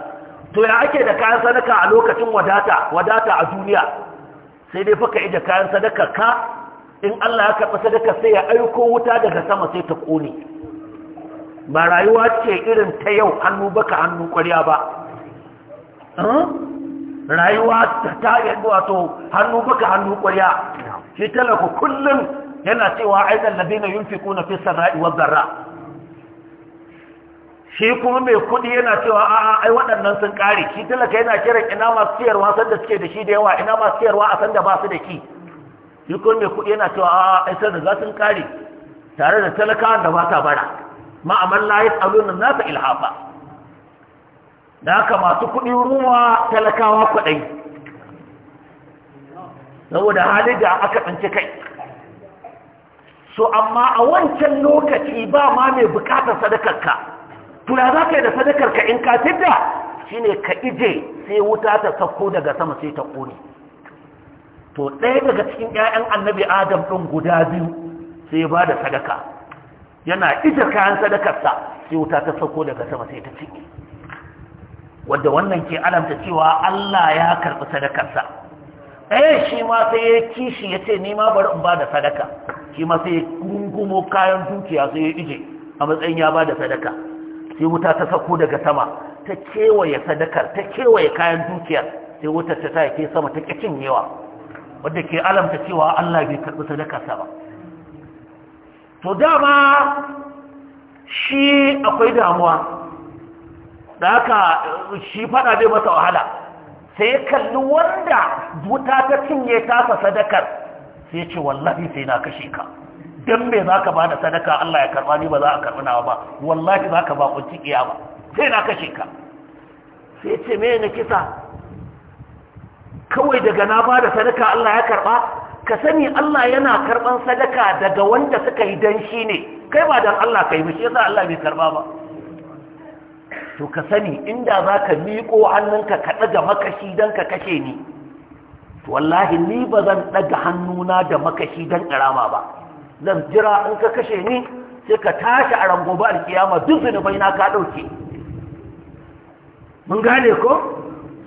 to ya ake da kayan sadaka a lokacin wadata wadata a duniya sai dai ka ije kayan sadaka ka in Allah ya karɓi sadaka sai ya aiko wuta daga sama sai ta ƙone ba rayuwa ce irin ta yau hannu baka hannu ƙwarya ba rayuwa ta ta wato hannu baka hannu ƙwarya shi talaka kullum yana cewa aidan ladina yunfikuna fi sarra'i wa zarra shi kuma mai kudi yana cewa a ai waɗannan sun kare shi talaka yana kiran ina masu ciyarwa sanda suke da shi da yawa ina masu ciyarwa a sanda ba su da ki shi kuma mai kudi yana cewa a ai sanda za sun kare tare da talakawan da ba ta bara ma'aman la yas'aluna nasa ilhafa da haka masu kudi ruwa talakawa kudai saboda halin da aka tsanci kai so amma a wancan lokaci ba ma mai bukatar sadakarka tuna za ka yi da sadakarka in ka shi shine ka ije sai wuta ta sauko daga sama sai ta ƙone to ɗaya daga cikin 'ya'yan annabi adam ɗin guda biyu sai ba da sadaka yana ije kayan sadakarsa sai wuta ta sauko daga sama sai ta cinye wadda wannan ke alamta cewa allah ya karɓi sadakarsa ɗayan eh, shi ma sai ya kishi ya ce ma bari in ba da sadaka shi ma sai ya gungumo kayan dukiya sai ya ije a matsayin ya ba da sadaka sai wuta ta sako daga sama ta kewaye sadakar ta kewaye kayan dukiya sai wutar ta ke sama ta ƙi yawa wadda ke alamta cewa Allah bai karɓi sadakarsa ba to dama shi akwai damuwa da haka shi faɗa zai masa wahala sai kalli wanda wuta ta cinye tasa sadakar sai ce wallahi sai na kashe ka za me zaka bada sadaka Allah ya karɓa ni ba za a karɓi nawa ba wallahi zaka ba kunci kiyama sai na kashe ka sai ce me na kisa kawai daga na bada sadaka Allah ya karɓa, ka sani Allah yana karɓan sadaka daga wanda suka yi don shi ne kai ba don Allah ka yi ba shi yasa Allah bai karɓa ba to ka sani inda za ka miƙo hannunka ka ɗaga makashi don ka kashe ni to wallahi ni ba zan ɗaga hannuna da makashi don ƙarama ba zan jira in ka kashe ni sai ka tashi a rangoba alkiyama duk zunubai na ka ɗauke mun gane ko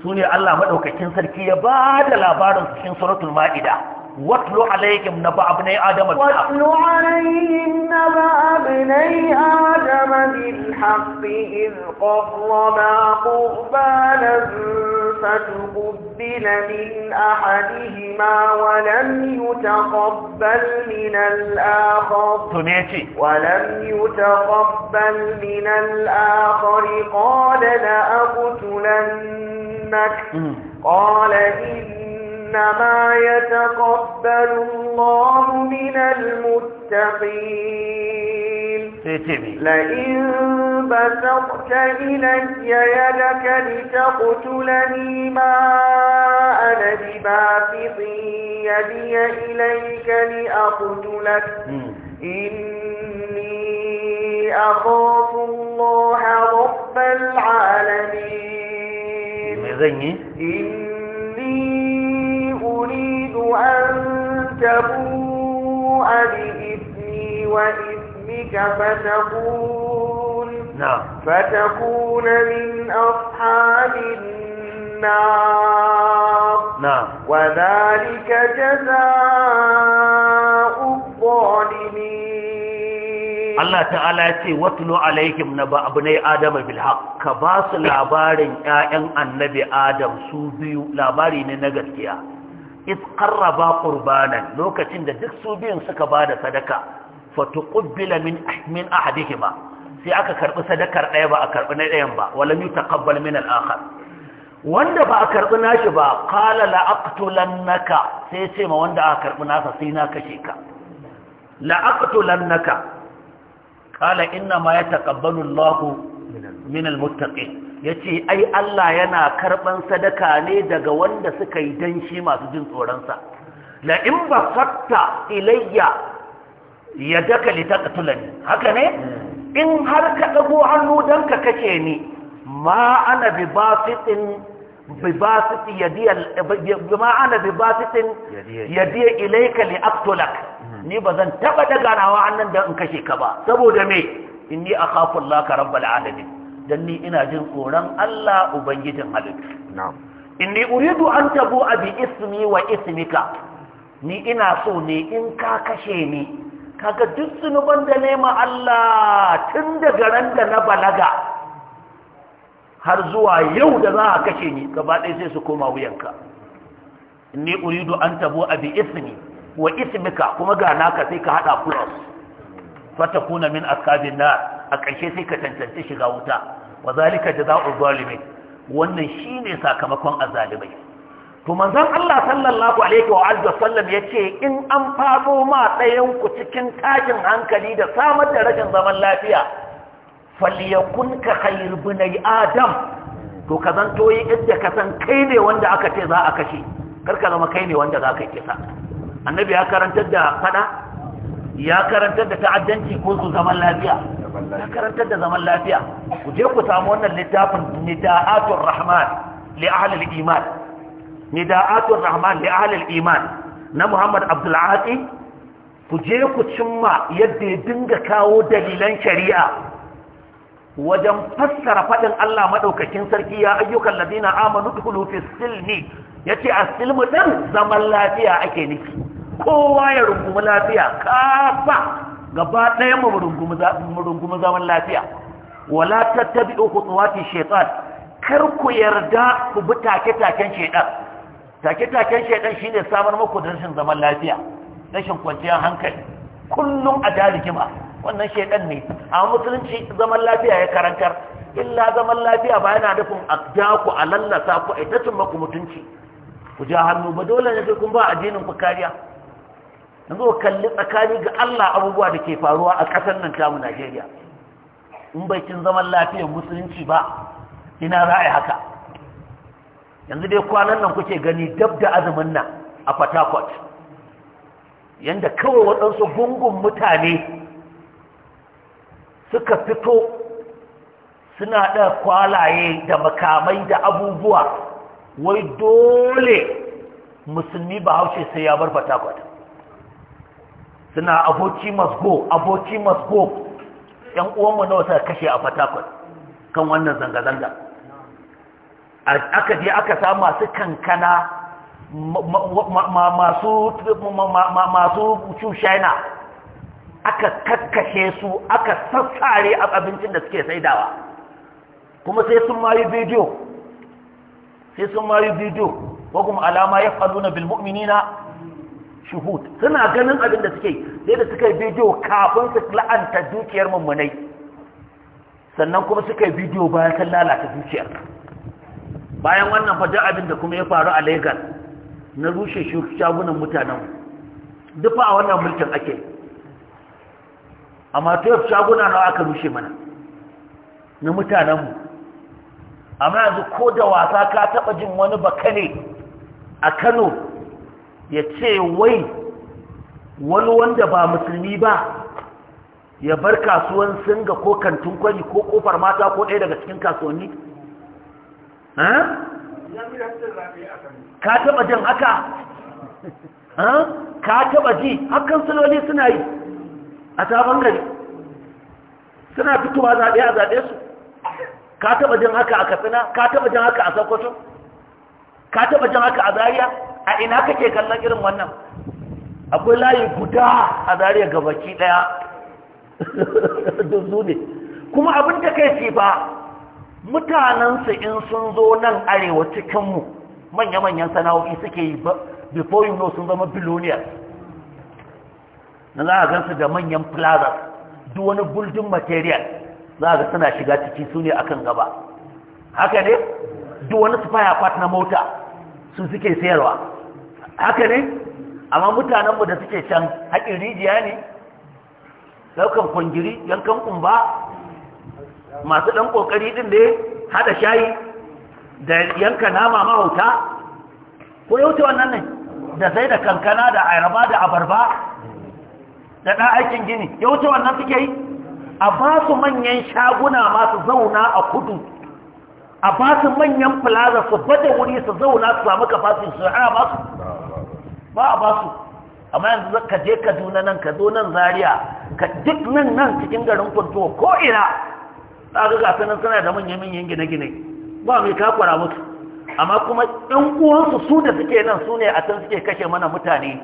su ne allah maɗaukakin sarki ya ba da labarin cikin suratul ma'ida واتلو عليهم نبأ ابني آدم بالحق واتلو عليهم نبأ ابني آدم بالحق إذ قربا قربانا فتقبل من أحدهما ولم يتقبل من الآخر ولم يتقبل من الآخر قال لأقتلنك قال إني إنما يتقبل الله من المتقين لئن بسطت إلي يدك لتقتلني ما أنا بباسط يدي إليك لأقتلك إني أخاف الله رب العالمين إني أريد أن تبوء بإثمي وإثمك فتكون فتكون من أصحاب النار وذلك جزاء Allah ta'ala ya ce watlu واتلو naba abnai ابني bil haqq ka basu labarin ƴaƴan annabi adam su biyu labari ne na gaskiya iz qarraba qurbanan lokacin da duk su biyun suka ba da sadaka fatuqbila min min ahadihima sai aka karbi sadakar daya ba a karbi na dayan ba walam yutaqabbal min al wanda ba a karbi nashi ba qala la aqtulannaka sai ce ma wanda aka karbi nasa sai na kashe ka la aqtulannaka qala inna ma yataqabbalu Allahu min al-muttaqin ya ce ai Allah yana karɓan sadaka ne daga wanda suka yi danshi masu jin tsoronsa la in ba ilayya ya daka litaqtulani haka ne in har ka dago hannu dan ka kace ni ma ana bi basitin bi basiti ma ilayka li aqtulak hmm. ni bazan taba daga nawa annan da in kashe ka ba saboda me inni akhafu Allah rabbul alamin dan ni ina jin tsoron Allah ubangijin halittu na'am inni uridu an tabu abi ismi wa ismika ni ina so ne in ka kashe ni kaga duk zunuban da nema Allah tun daga ran da na balaga har zuwa yau da za a kashe ni gaba ɗaya sai su koma wuyanka inni uridu an tabu abi ismi wa ismika kuma ga naka sai ka hada plus kuna min ashabin nar a ƙarshe sai ka cancanci shiga wuta wa zalika jazaa'u zalimin wannan shine sakamakon azalimai to manzon Allah sallallahu alaihi wa alihi wasallam yace in an fado ma ɗayan ku cikin tajin hankali da samar da rashin zaman lafiya falyakun ka khayr bunai adam to ka zanto yi idda ka san kai ne wanda aka ce za a kashe kar ka zama kai ne wanda za ka kisa annabi ya karantar da fada ya karantar da ta'addanci ko su zaman lafiya ya karantar da zaman lafiya ku je ku samu wannan littafin nida'atul rahman li ahli al-iman nida'atul rahman li ahli al-iman na Muhammad Abdul Aati ku je ku cimma yadda ya dinga kawo dalilan shari'a wajen fassara fadin Allah madaukakin sarki ya ayyukan ladina amanu dukulu ni, silmi yace as-silmu dan zaman lafiya ake nufi kowa ya rungumi lafiya kafa gaba ɗaya mu rungumi zaman lafiya wala tattabi'u khutuwati shaytan kar ku yarda ku bi take-taken shaytan take-taken shaytan shine samar muku da rashin zaman lafiya rashin kwanciyar hankali kullum a ba wannan shaytan ne a musulunci zaman lafiya ya karantar illa zaman lafiya ba yana nufin a ja ku a lallasa ku a itacin maku mutunci ku ja hannu ba dole ne sai kun ba addinin ku kariya yanzu kalli tsakani ga Allah abubuwa da ke faruwa a ƙasar nan tamu Najeriya in bai kin zaman lafiyar musulunci ba ina za a yi haka yanzu dai kwanan nan kuke gani dab da azumin nan a Fatakwat yanda kawai waɗansu gungun mutane suka fito suna da kwalaye da makamai da abubuwa wai dole musulmi ba hauce sai ya bar Fatakwat suna aboci masgo aboki masgo yan uwanmu nawa suka kashe a fatakwal kan wannan zanga-zanga aka je aka sa masu kankana masu shaina, aka kakkashe su aka sassare abincin da suke saidawa kuma sai sun mayu bidiyo sai sun mayu bidiyo ko kuma alama ya faru na bilmu'minina shuhud suna ganin abin da suke sai da suka yi bidiyo kafin su la'anta dukiyar mummunai sannan kuma suka yi bidiyo bayan kan lalata dukiyar bayan wannan fa duk abin da kuma ya faru a Lagos na rushe shagunan mutanen duk a wannan mulkin ake amma to shaguna nawa aka rushe mana na mutanenmu amma yanzu ko da wasa ka taba jin wani baka ne a Kano ya ce wai wani wanda ba musulmi ba ya bar kasuwan singa ko kantin kwari ko kofar mata ko ɗaya daga cikin kasuwanni? ka taba jin haka? ka taba ji hakan siloli suna yi a sabon gari suna fitowa zaɓe a zaɓe su ka taba jin haka a katsina ka taba jin haka a sokoto? ka taba jin haka a zariya a ina kake kallon irin wannan akwai layi guda a zariya gabaki daya Duk ne kuma abin da kai ce ba mutanensu in sun zo nan arewa cikinmu manya-manyan sana'o'i suke yi before you know sun zama billionaires na za a gansu da manyan plazas duk wani building material za a ga suna shiga ciki su ne akan gaba haka ne duk wani spare part na mota su suke sayarwa haka ne amma mutanenmu da suke can haƙin rijiya ne daukan kwangiri yankan kumba masu ɗan ƙoƙari ɗin da haɗa shayi da yanka nama mahauta ko yauce wannan ne da sai da kankana da ayaba, da abarba da ɗan aikin gini yauce wannan suke yi a ba su manyan shaguna masu zauna a kudu a ba su manyan plaza su bada wuri su zauna su samu kafasin su ana ba su ba a ba su amma yanzu ka je kaduna nan ka zo nan zariya ka duk nan nan cikin garin kwanto ko ina za ga gasa nan suna da manyan manyan gine-gine ba mai kakwara musu amma kuma ɗan uwansu su da suke nan su ne a can suke kashe mana mutane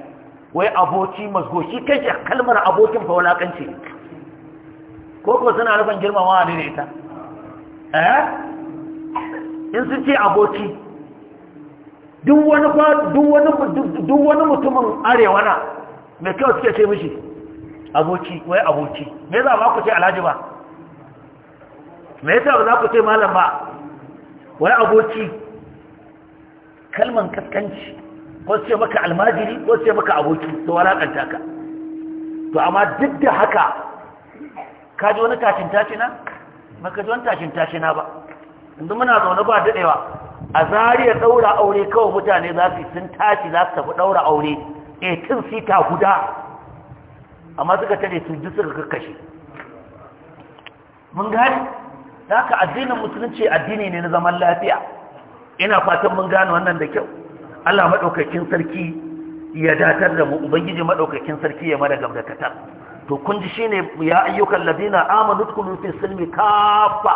wai aboki masgo shi kashe kalmar abokin fa ko kuma suna nufin girmamawa ne da ita eh in su ce aboki duk wani mutumin arewa na mai kyau suke ce mishi aboki wai aboki me za ba ku ce alhaji ba me yasa ba za ku ce malam ba wai aboki kalman kaskanci ko su ce maka almajiri ko su ce maka aboki to walakanta ka to amma duk da haka ka ji wani tashin tashina maka ka ji wani tashin tashina ba yanzu muna zaune ba daɗewa a zariya ɗaura aure kawai mutane za su sun tashi za su tafi ɗaura aure tun sita guda amma suka tare su ji suka kakkashe mun gani Za ka addinin musulunci addini ne na zaman lafiya ina fatan mun gane wannan da kyau Allah maɗaukakin sarki ya datar da mu ubangiji maɗaukakin sarki ya mara gamdakatar to kun ji shine ya ayyukan ladina amanu tukunu fi silmi kafa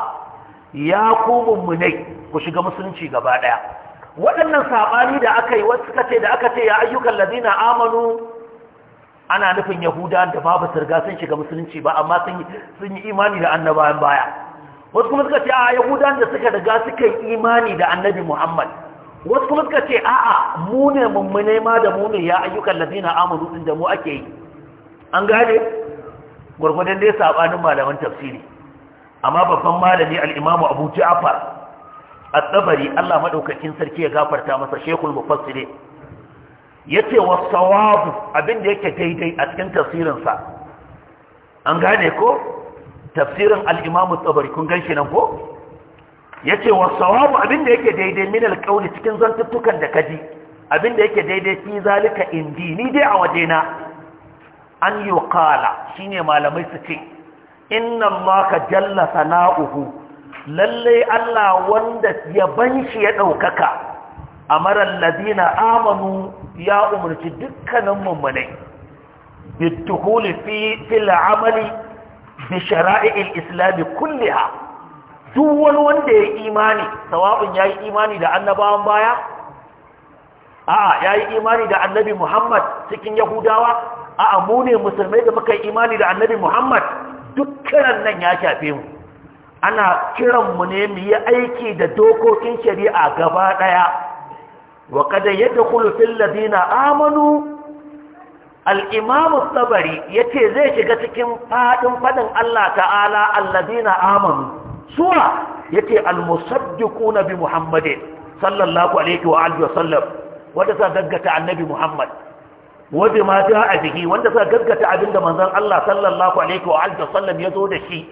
ya ku ne ku shiga musulunci gaba daya waɗannan saɓani da aka yi wasu kace ce da aka ce ya ayyukan ladina amanu ana nufin yahuda da babu sirga sun shiga musulunci ba amma sun yi imani da annabawan baya wasu kuma suka ce a yahuda da suka riga suka yi imani da annabi muhammad wasu kuma suka ce a'a mu ne mummune ma da mu ne ya ayyukan ladina amanu din da mu ake yi an gane gwargwadon dai saɓanin malaman tafsiri amma babban malami al'imamu imamu abu ja'far at-tabari Allah maɗaukakin sarki ya gafarta masa shekul Ya ce wa tsawabu abinda yake daidai a cikin tafsirin an gane ko tafsirin al'imamu imamu kun gan shi nan ko Ya ce wa tsawabu abinda yake daidai min al cikin zantuttukan da kaji abinda yake daidai fi zalika indi ni dai a wajena an yuqala shine malamai su ce inna ka jalla sana'uhu lalle Allah wanda ya banshi ya daukaka amara alladina amanu ya umarci dukkanin mummunai bituhuli fi fil amali bi shara'i'il islam kulliha duk wani wanda ya imani ya yayi imani da annabawan baya a'a yayi imani da annabi Muhammad cikin yahudawa a'a mu ne musulmai da muka yi imani da annabi Muhammad duk kiran nan ya shafe mu ana kiran mu ne mu yi aiki da dokokin shari'a gaba daya wa kad yadkhulu fil ladina amanu al-imam tabari yace zai shiga cikin fadin fadin Allah ta'ala alladina amanu Suwa. yace al-musaddiquna bi muhammadin sallallahu alaihi wa alihi wa sallam wanda sa daggata annabi muhammad wadda ma ta a jiki wanda suka gaskata abinda manzon Allah sallallahu alaihi wa alihi wasallam ya zo da shi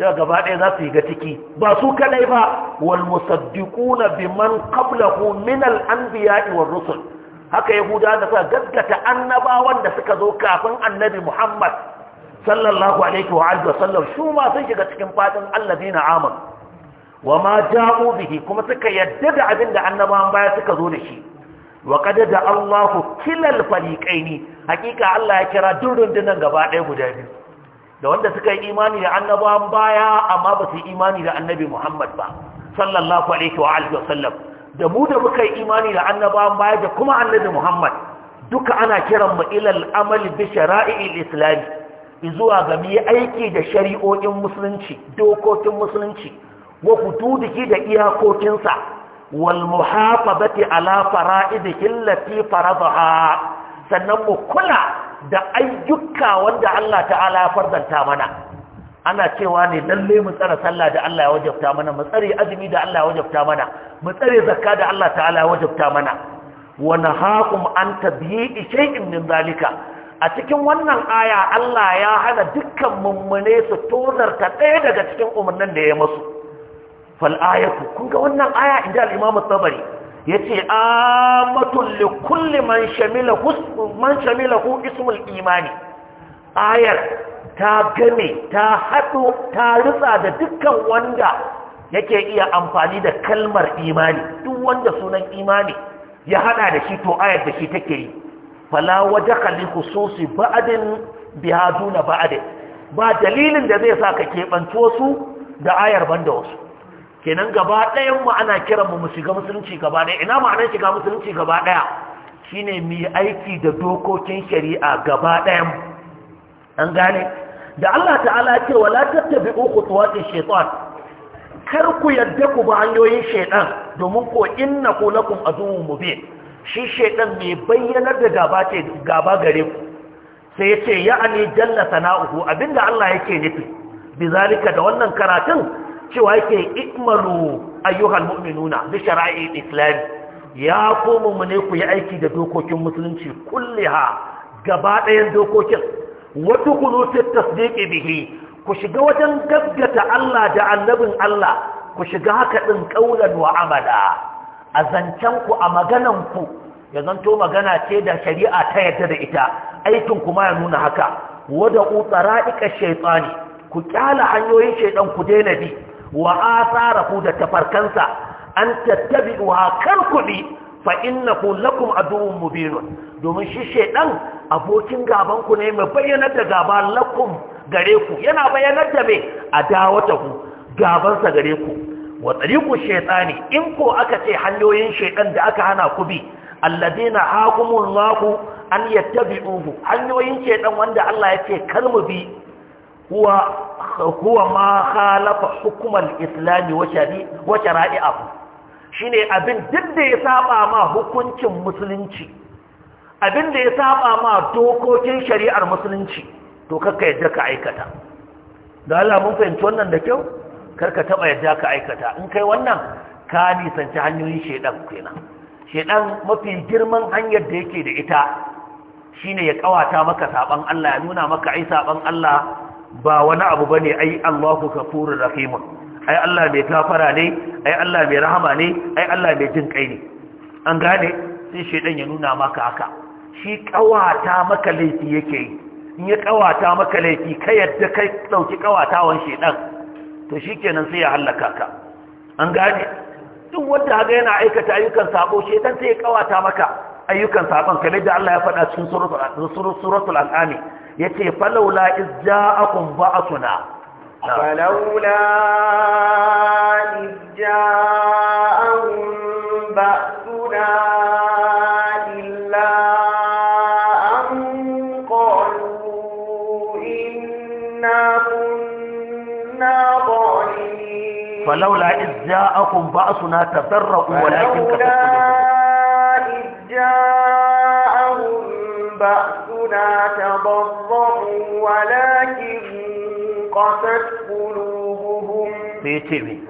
da gaba ɗaya za su yi ga ciki ba su kadai ba wal musaddiquna biman qablahu min al anbiya'i war rusul haka yahuda da suka gaskata annabawan da suka zo kafin annabi Muhammad sallallahu alaihi wa alihi wasallam su ma sun shiga cikin fadin alladina amanu wa ma ja'u bihi kuma suka yadda da abinda annabawan baya suka zo da shi wa kada da Allahu kilal fariqaini hakika Allah ya kira duk rundunar gaba ɗaya guda biyu da wanda suka yi imani da annabawan baya amma ba su yi imani da annabi Muhammad ba sallallahu alaihi wa alihi wasallam da mu da muka yi imani da annabawan baya da kuma annabi Muhammad duka ana kiran mu ilal amali bi shara'i'il islam zuwa ga mu aiki da shari'o'in musulunci dokokin musulunci wa hududiki da iyakokinsa alafara على فرائده التي فرضها mu kula da ayyuka wanda Allah ta'ala ya farzanta mana ana cewa ne lalle mu tsara sallah da Allah ya wajabta mana mu tsare azumi da Allah ya wajabta mana mu tsare zakka da Allah ta'ala ya wajabta mana wa nahakum an tabi'i shay'in min zalika a cikin wannan aya Allah ya hana dukkan mummune su tozarta ɗaya daga cikin umarnin da ya musu fal'ayatu kun ga wannan aya inda al'imamu tabari ya ce amatun likulli man hu ismul imani ayar ta game ta haɗo ta ritsa da dukkan wanda yake iya amfani da kalmar imani duk wanda sunan imani ya haɗa da shi to ayar da shi take yi fala waje kalli hususi ba'adin biya duna ba'adin ba dalilin da zai sa ka keɓanci wasu da ayar banda wasu kenan gaba ɗayan mu ana kiran mu shiga musulunci gaba ɗaya ina ma'anar shiga musulunci gaba ɗaya shine mu yi aiki da dokokin shari'a gaba ɗayan an gane da Allah ta'ala ce wala tattabi'u khutuwati shaitan? kar ku yadda ku ba hanyoyin shaiɗan, domin ko inna ku lakum aduwwun mubin shi shaiɗan mai bayyanar da gaba ce gaba gare ku sai ya ce ya ani jalla sana'uhu abinda Allah yake nufi bizalika da wannan karatun cewa yake ikmalu ayyuhal mu'minuna bi shara'i islam ya komo mu ne ku yi aiki da dokokin musulunci kulliha gaba ɗayan dokokin wata kunu fi tasdiqi bihi ku shiga wajen gaggata Allah da annabin Allah ku shiga haka din qaulan wa amala a zancen ku a maganan ku ya zanto magana ce da shari'a ta yarda da ita aikin kuma ya nuna haka wada utsara ika shaytani ku kyala hanyoyin shaiɗan ku daina bi wa asarahu da tafarkansa an tattabi'uha kar kudi fa innahu lakum aduwwun mubin domin shi shedan abokin gaban ku ne mai bayyanar da gaba lakum gare ku yana bayyanar da me ku gaban sa gare ku wa tsariku shaytani in ko aka ce hanyoyin shedan da aka hana ku bi alladina hakumullahu an yattabi'uhu hanyoyin shedan wanda Allah ya ce kar mu bi huwa huwa ma khalafa hukumar islami wa shari'ahu shine abin duk da ya saba ma hukuncin musulunci abin da ya saba ma dokokin shari'ar musulunci to karka yadda ka aikata da Allah mun fahimci wannan da kyau karka taba yadda ka aikata in kai wannan ka nisanci hanyoyin shedan kenan shedan mafi girman hanyar da yake da ita shine ya kawata maka saban Allah ya nuna maka ai saban Allah ba wani abu bane ai Allahu kafurur rahim ai Allah mai gafara ne ai Allah mai rahama ne ai Allah mai jin kai ne an gane sai shedan ya nuna maka haka shi kawata maka laifi yake yi in ya kawata maka laifi ka yadda kai dauki kawatawan shedan to shikenan sai ya halaka ka an gane duk wanda haka yana aikata ayyukan sabo shedan sai ya kawata maka ayyukan sabon kamar da Allah ya faɗa cikin suratul an'am yace falawla iz ja'akum ba'suna falawla iz ja'ahum ba'suna illa an qalu inna kunna dhalimin falawla iz ja'akum ba'suna tadarru walakin kafartum بأسنا تضرعوا ولكن قست قلوبهم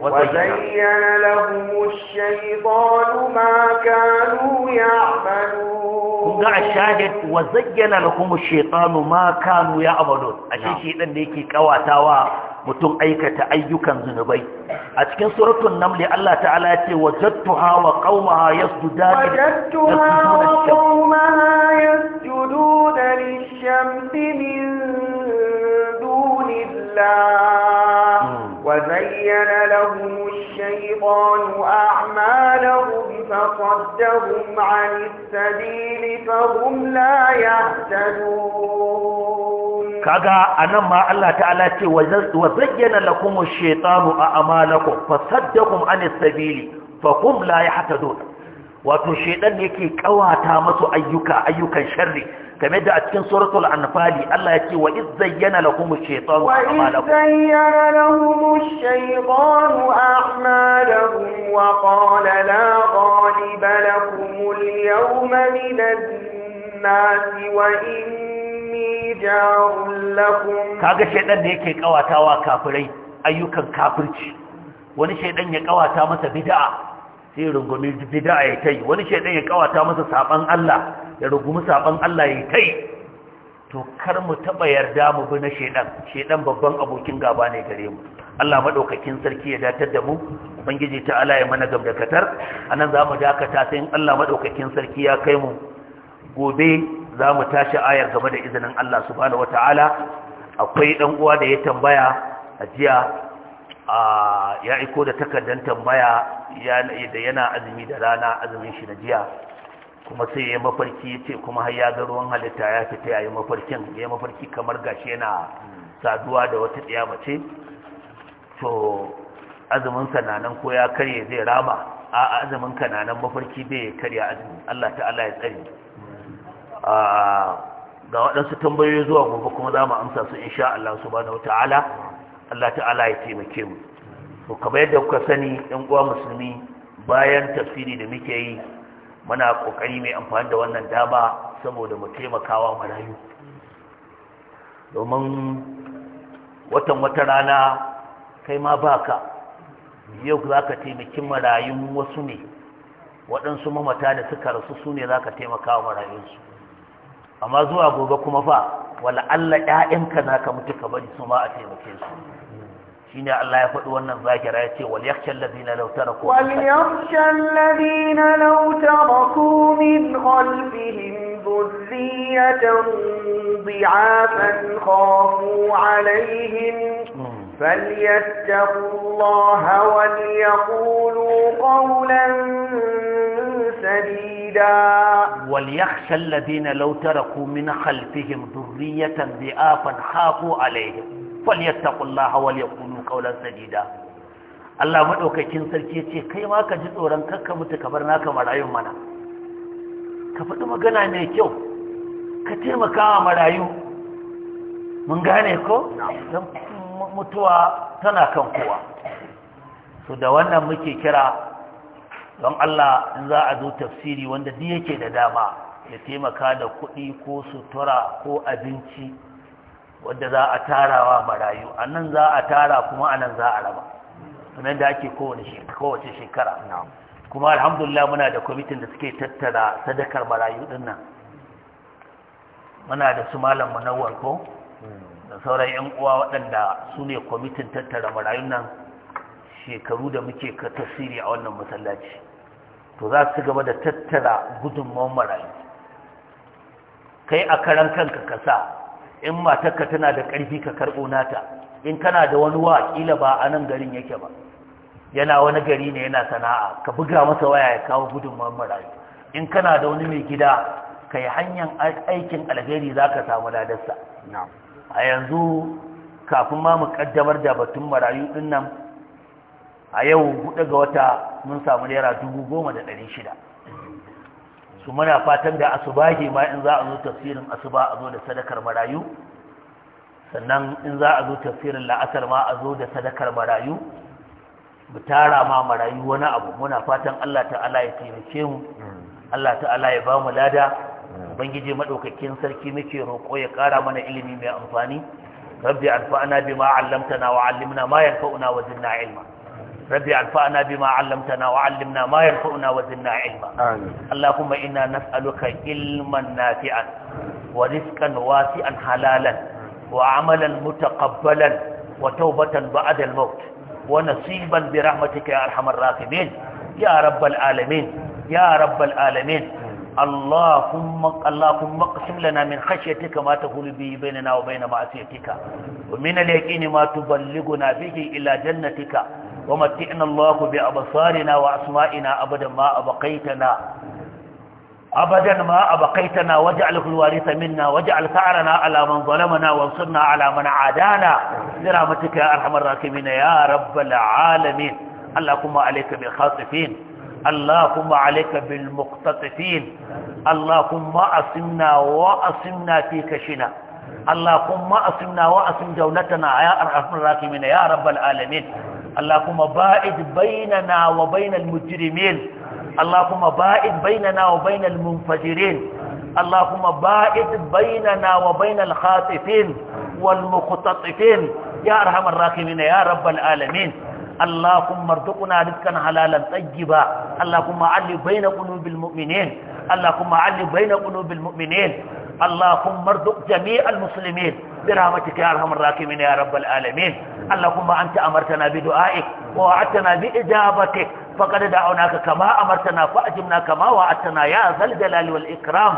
وزين لهم الشيطان ما كانوا يعملون ga ashahid wa zayyana lahum ash-shaytanu ma kanu ya'malun ashe shi dan mutum aikata ayyukan zunubai a cikin suratul namli Allah ta'ala ya ce wajadtuha wa qaumaha yasjuduna wajadtuha wa qaumaha yasjuduna lish-shamsi min دون الله وزين لهم الشيطان أعمالهم فصدهم عن السبيل فهم لا يهتدون كذا أنا ما الله تعالى وزين لكم الشيطان أعمالكم فصدهم عن السبيل فهم لا يهتدون wato shaidan yake kawata masu ayyuka ayyukan sharri game da a cikin suratul anfali Allah yake wa iz zayyana lahum ash-shaytanu a'malahum wa iz zayyana lahum shaytanu a'malahum wa qala la ghaliba lakum al-yawma min an-nasi wa inni ja'ul lakum kaga shaidan da yake kawatawa kafirai ayyukan kafirci wani shaidan ya kawata masa bid'a sai rungumi bid'a ya kai wani shaidan ya kawata masa saban Allah ya rungumi saban Allah ya kai to kar mu taba yarda mu bi na shaidan shaidan babban abokin gaba ne gare mu Allah madaukakin sarki ya datar da mu ubangiji ta Allah ya mana gamdakatar anan za mu dakata sai in Allah madaukakin sarki ya kai mu gobe za mu tashi ayar game da izinin Allah subhanahu wataala akwai dan uwa da ya tambaya a jiya ya iko da takardar tambaya da yana azumi da rana azumin shi na jiya kuma sai ya mafarki ya ce kuma har ya ga ruwan halitta ya fita ya yi mafarkin ya yi mafarki kamar gashi yana saduwa da wata ɗaya mace to azumin sananan ko ya karye zai rama a azumin kananan mafarki bai ya karya azumi Allah ta'ala ya tsare ga waɗansu tambayoyi zuwa gobe kuma za mu amsa su insha Allah subhanahu ta'ala Allah ta'ala ya taimake mu to kamar yadda kuka sani ɗan uwa musulmi bayan tafsiri da muke yi muna kokari mai amfani da wannan dama saboda mu taimakawa marayu domin watan wata rana kai ma baka yau za ka taimaki marayun wasu ne waɗansu mamata da suka rasu su ne za ka taimakawa marayunsu amma zuwa gobe kuma fa wala Allah ‘ya'yanka na ka mutu ka bari su ma a taimake su shine Allah ya faɗi wannan zakira ya ce wal yakhsha alladhina law taraku wal yakhsha alladhina law taraku min khalfihim dhurriyatan ضعافا خافوا عليهم فليتقوا الله وليقولوا قولا سديدا وليخشى الذين لو تركوا من خلفهم ذرية ضعافا خافوا عليهم فليتقوا الله وليقولوا kaulan sadida Allah madaukakin sarki yace kai ma ka ji tsoron kakka mutu kamar naka marayun mana ka faɗi magana mai kyau ka taimakawa marayu mun gane ko don mutuwa tana kan kowa so da wannan muke kira don Allah in za a zo tafsiri wanda duk yake da dama ya taimaka da kuɗi ko sutura ko abinci wadda za a tarawa marayu a nan za a tara kuma a nan za a raba sunan da ake kowace shekara kuma alhamdulillah muna da kwamitin da suke tattara sadakar marayu din nan muna da su malam manawar ko hmm. da sauran yan uwa waɗanda su ne kwamitin tattara marayu nan shekaru da muke ka tasiri a wannan masallaci to za su gaba da tattara gudunmawar marayu kai a karan kanka ka sa in matarka tana da ƙarfi ka karɓo nata in kana da wani wakila ba a nan garin yake ba yana wani gari ne yana sana'a ka buga masa waya ya kawo gudun marayu in kana da wani mai gida ka yi hanyar aikin alheri za ka samu ladarsa a yanzu kafin ma mu ƙaddamar da batun marayu ɗin nan a yau hudu ga wata mun samu naira dubu goma da ɗari shida su muna fatan da asubahi ma in za a zo tafsirin asuba a zo da sadakar marayu sannan in za a zo tafsirin la'asar ma a zo da sadakar marayu mu tara ma marayu wani abu muna fatan Allah ta'ala ya taimake mu Allah ta'ala ya ba mu lada ubangiji madaukakin sarki muke roƙo ya ƙara mana ilimi mai amfani rabbi anfa'na bima 'allamtana wa 'allimna ma yanfa'una wa zidna ilma ربي أنفعنا بما علمتنا وعلمنا ما ينفعنا وزدنا علما آمين. اللهم إنا نسألك علما نافعا ورزقا واسعا حلالا وعملا متقبلا وتوبة بعد الموت ونصيبا برحمتك يا أرحم الراحمين يا رب العالمين يا رب العالمين اللهم اللهم اقسم لنا من خشيتك ما تقول به بيننا وبين معصيتك ومن اليقين ما تبلغنا به إلى جنتك ومتعنا الله بأبصارنا وأسمائنا أبدا ما أبقيتنا أبدا ما أبقيتنا واجعله الوارث منا واجعل ثأرنا على من ظلمنا وانصرنا على من عادانا برحمتك يا أرحم الراحمين يا رب العالمين اللهم عليك بالخاطفين اللهم عليك بالمقتطفين اللهم أصمنا وأصمنا في كشنا اللهم أصمنا وأصم دولتنا يا أرحم الراحمين يا رب العالمين اللهم باعد بيننا وبين المجرمين اللهم باعد بيننا وبين المنفجرين اللهم باعد بيننا وبين الخاطفين والمختطفين يا ارحم الراحمين يا رب العالمين اللهم ارزقنا رزقا حلالا طيبا اللهم علي بين قلوب المؤمنين اللهم علي بين قلوب المؤمنين اللهم ارزق جميع المسلمين برحمتك يا ارحم الراحمين يا رب العالمين اللهم انت امرتنا بدعائك ووعدتنا باجابتك فقد دعوناك كما امرتنا فاجبنا كما وعدتنا يا ذا الجلال والاكرام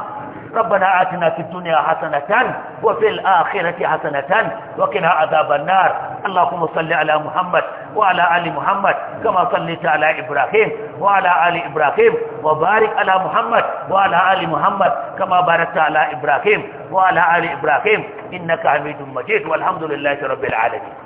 ربنا آتنا في الدنيا حسنة وفي الآخرة حسنة وقنا عذاب النار اللهم صل على محمد وعلى آل محمد كما صليت على إبراهيم وعلى آل إبراهيم وبارك على محمد وعلى آل محمد كما باركت على إبراهيم وعلى آل إبراهيم إنك حميد مجيد والحمد لله رب العالمين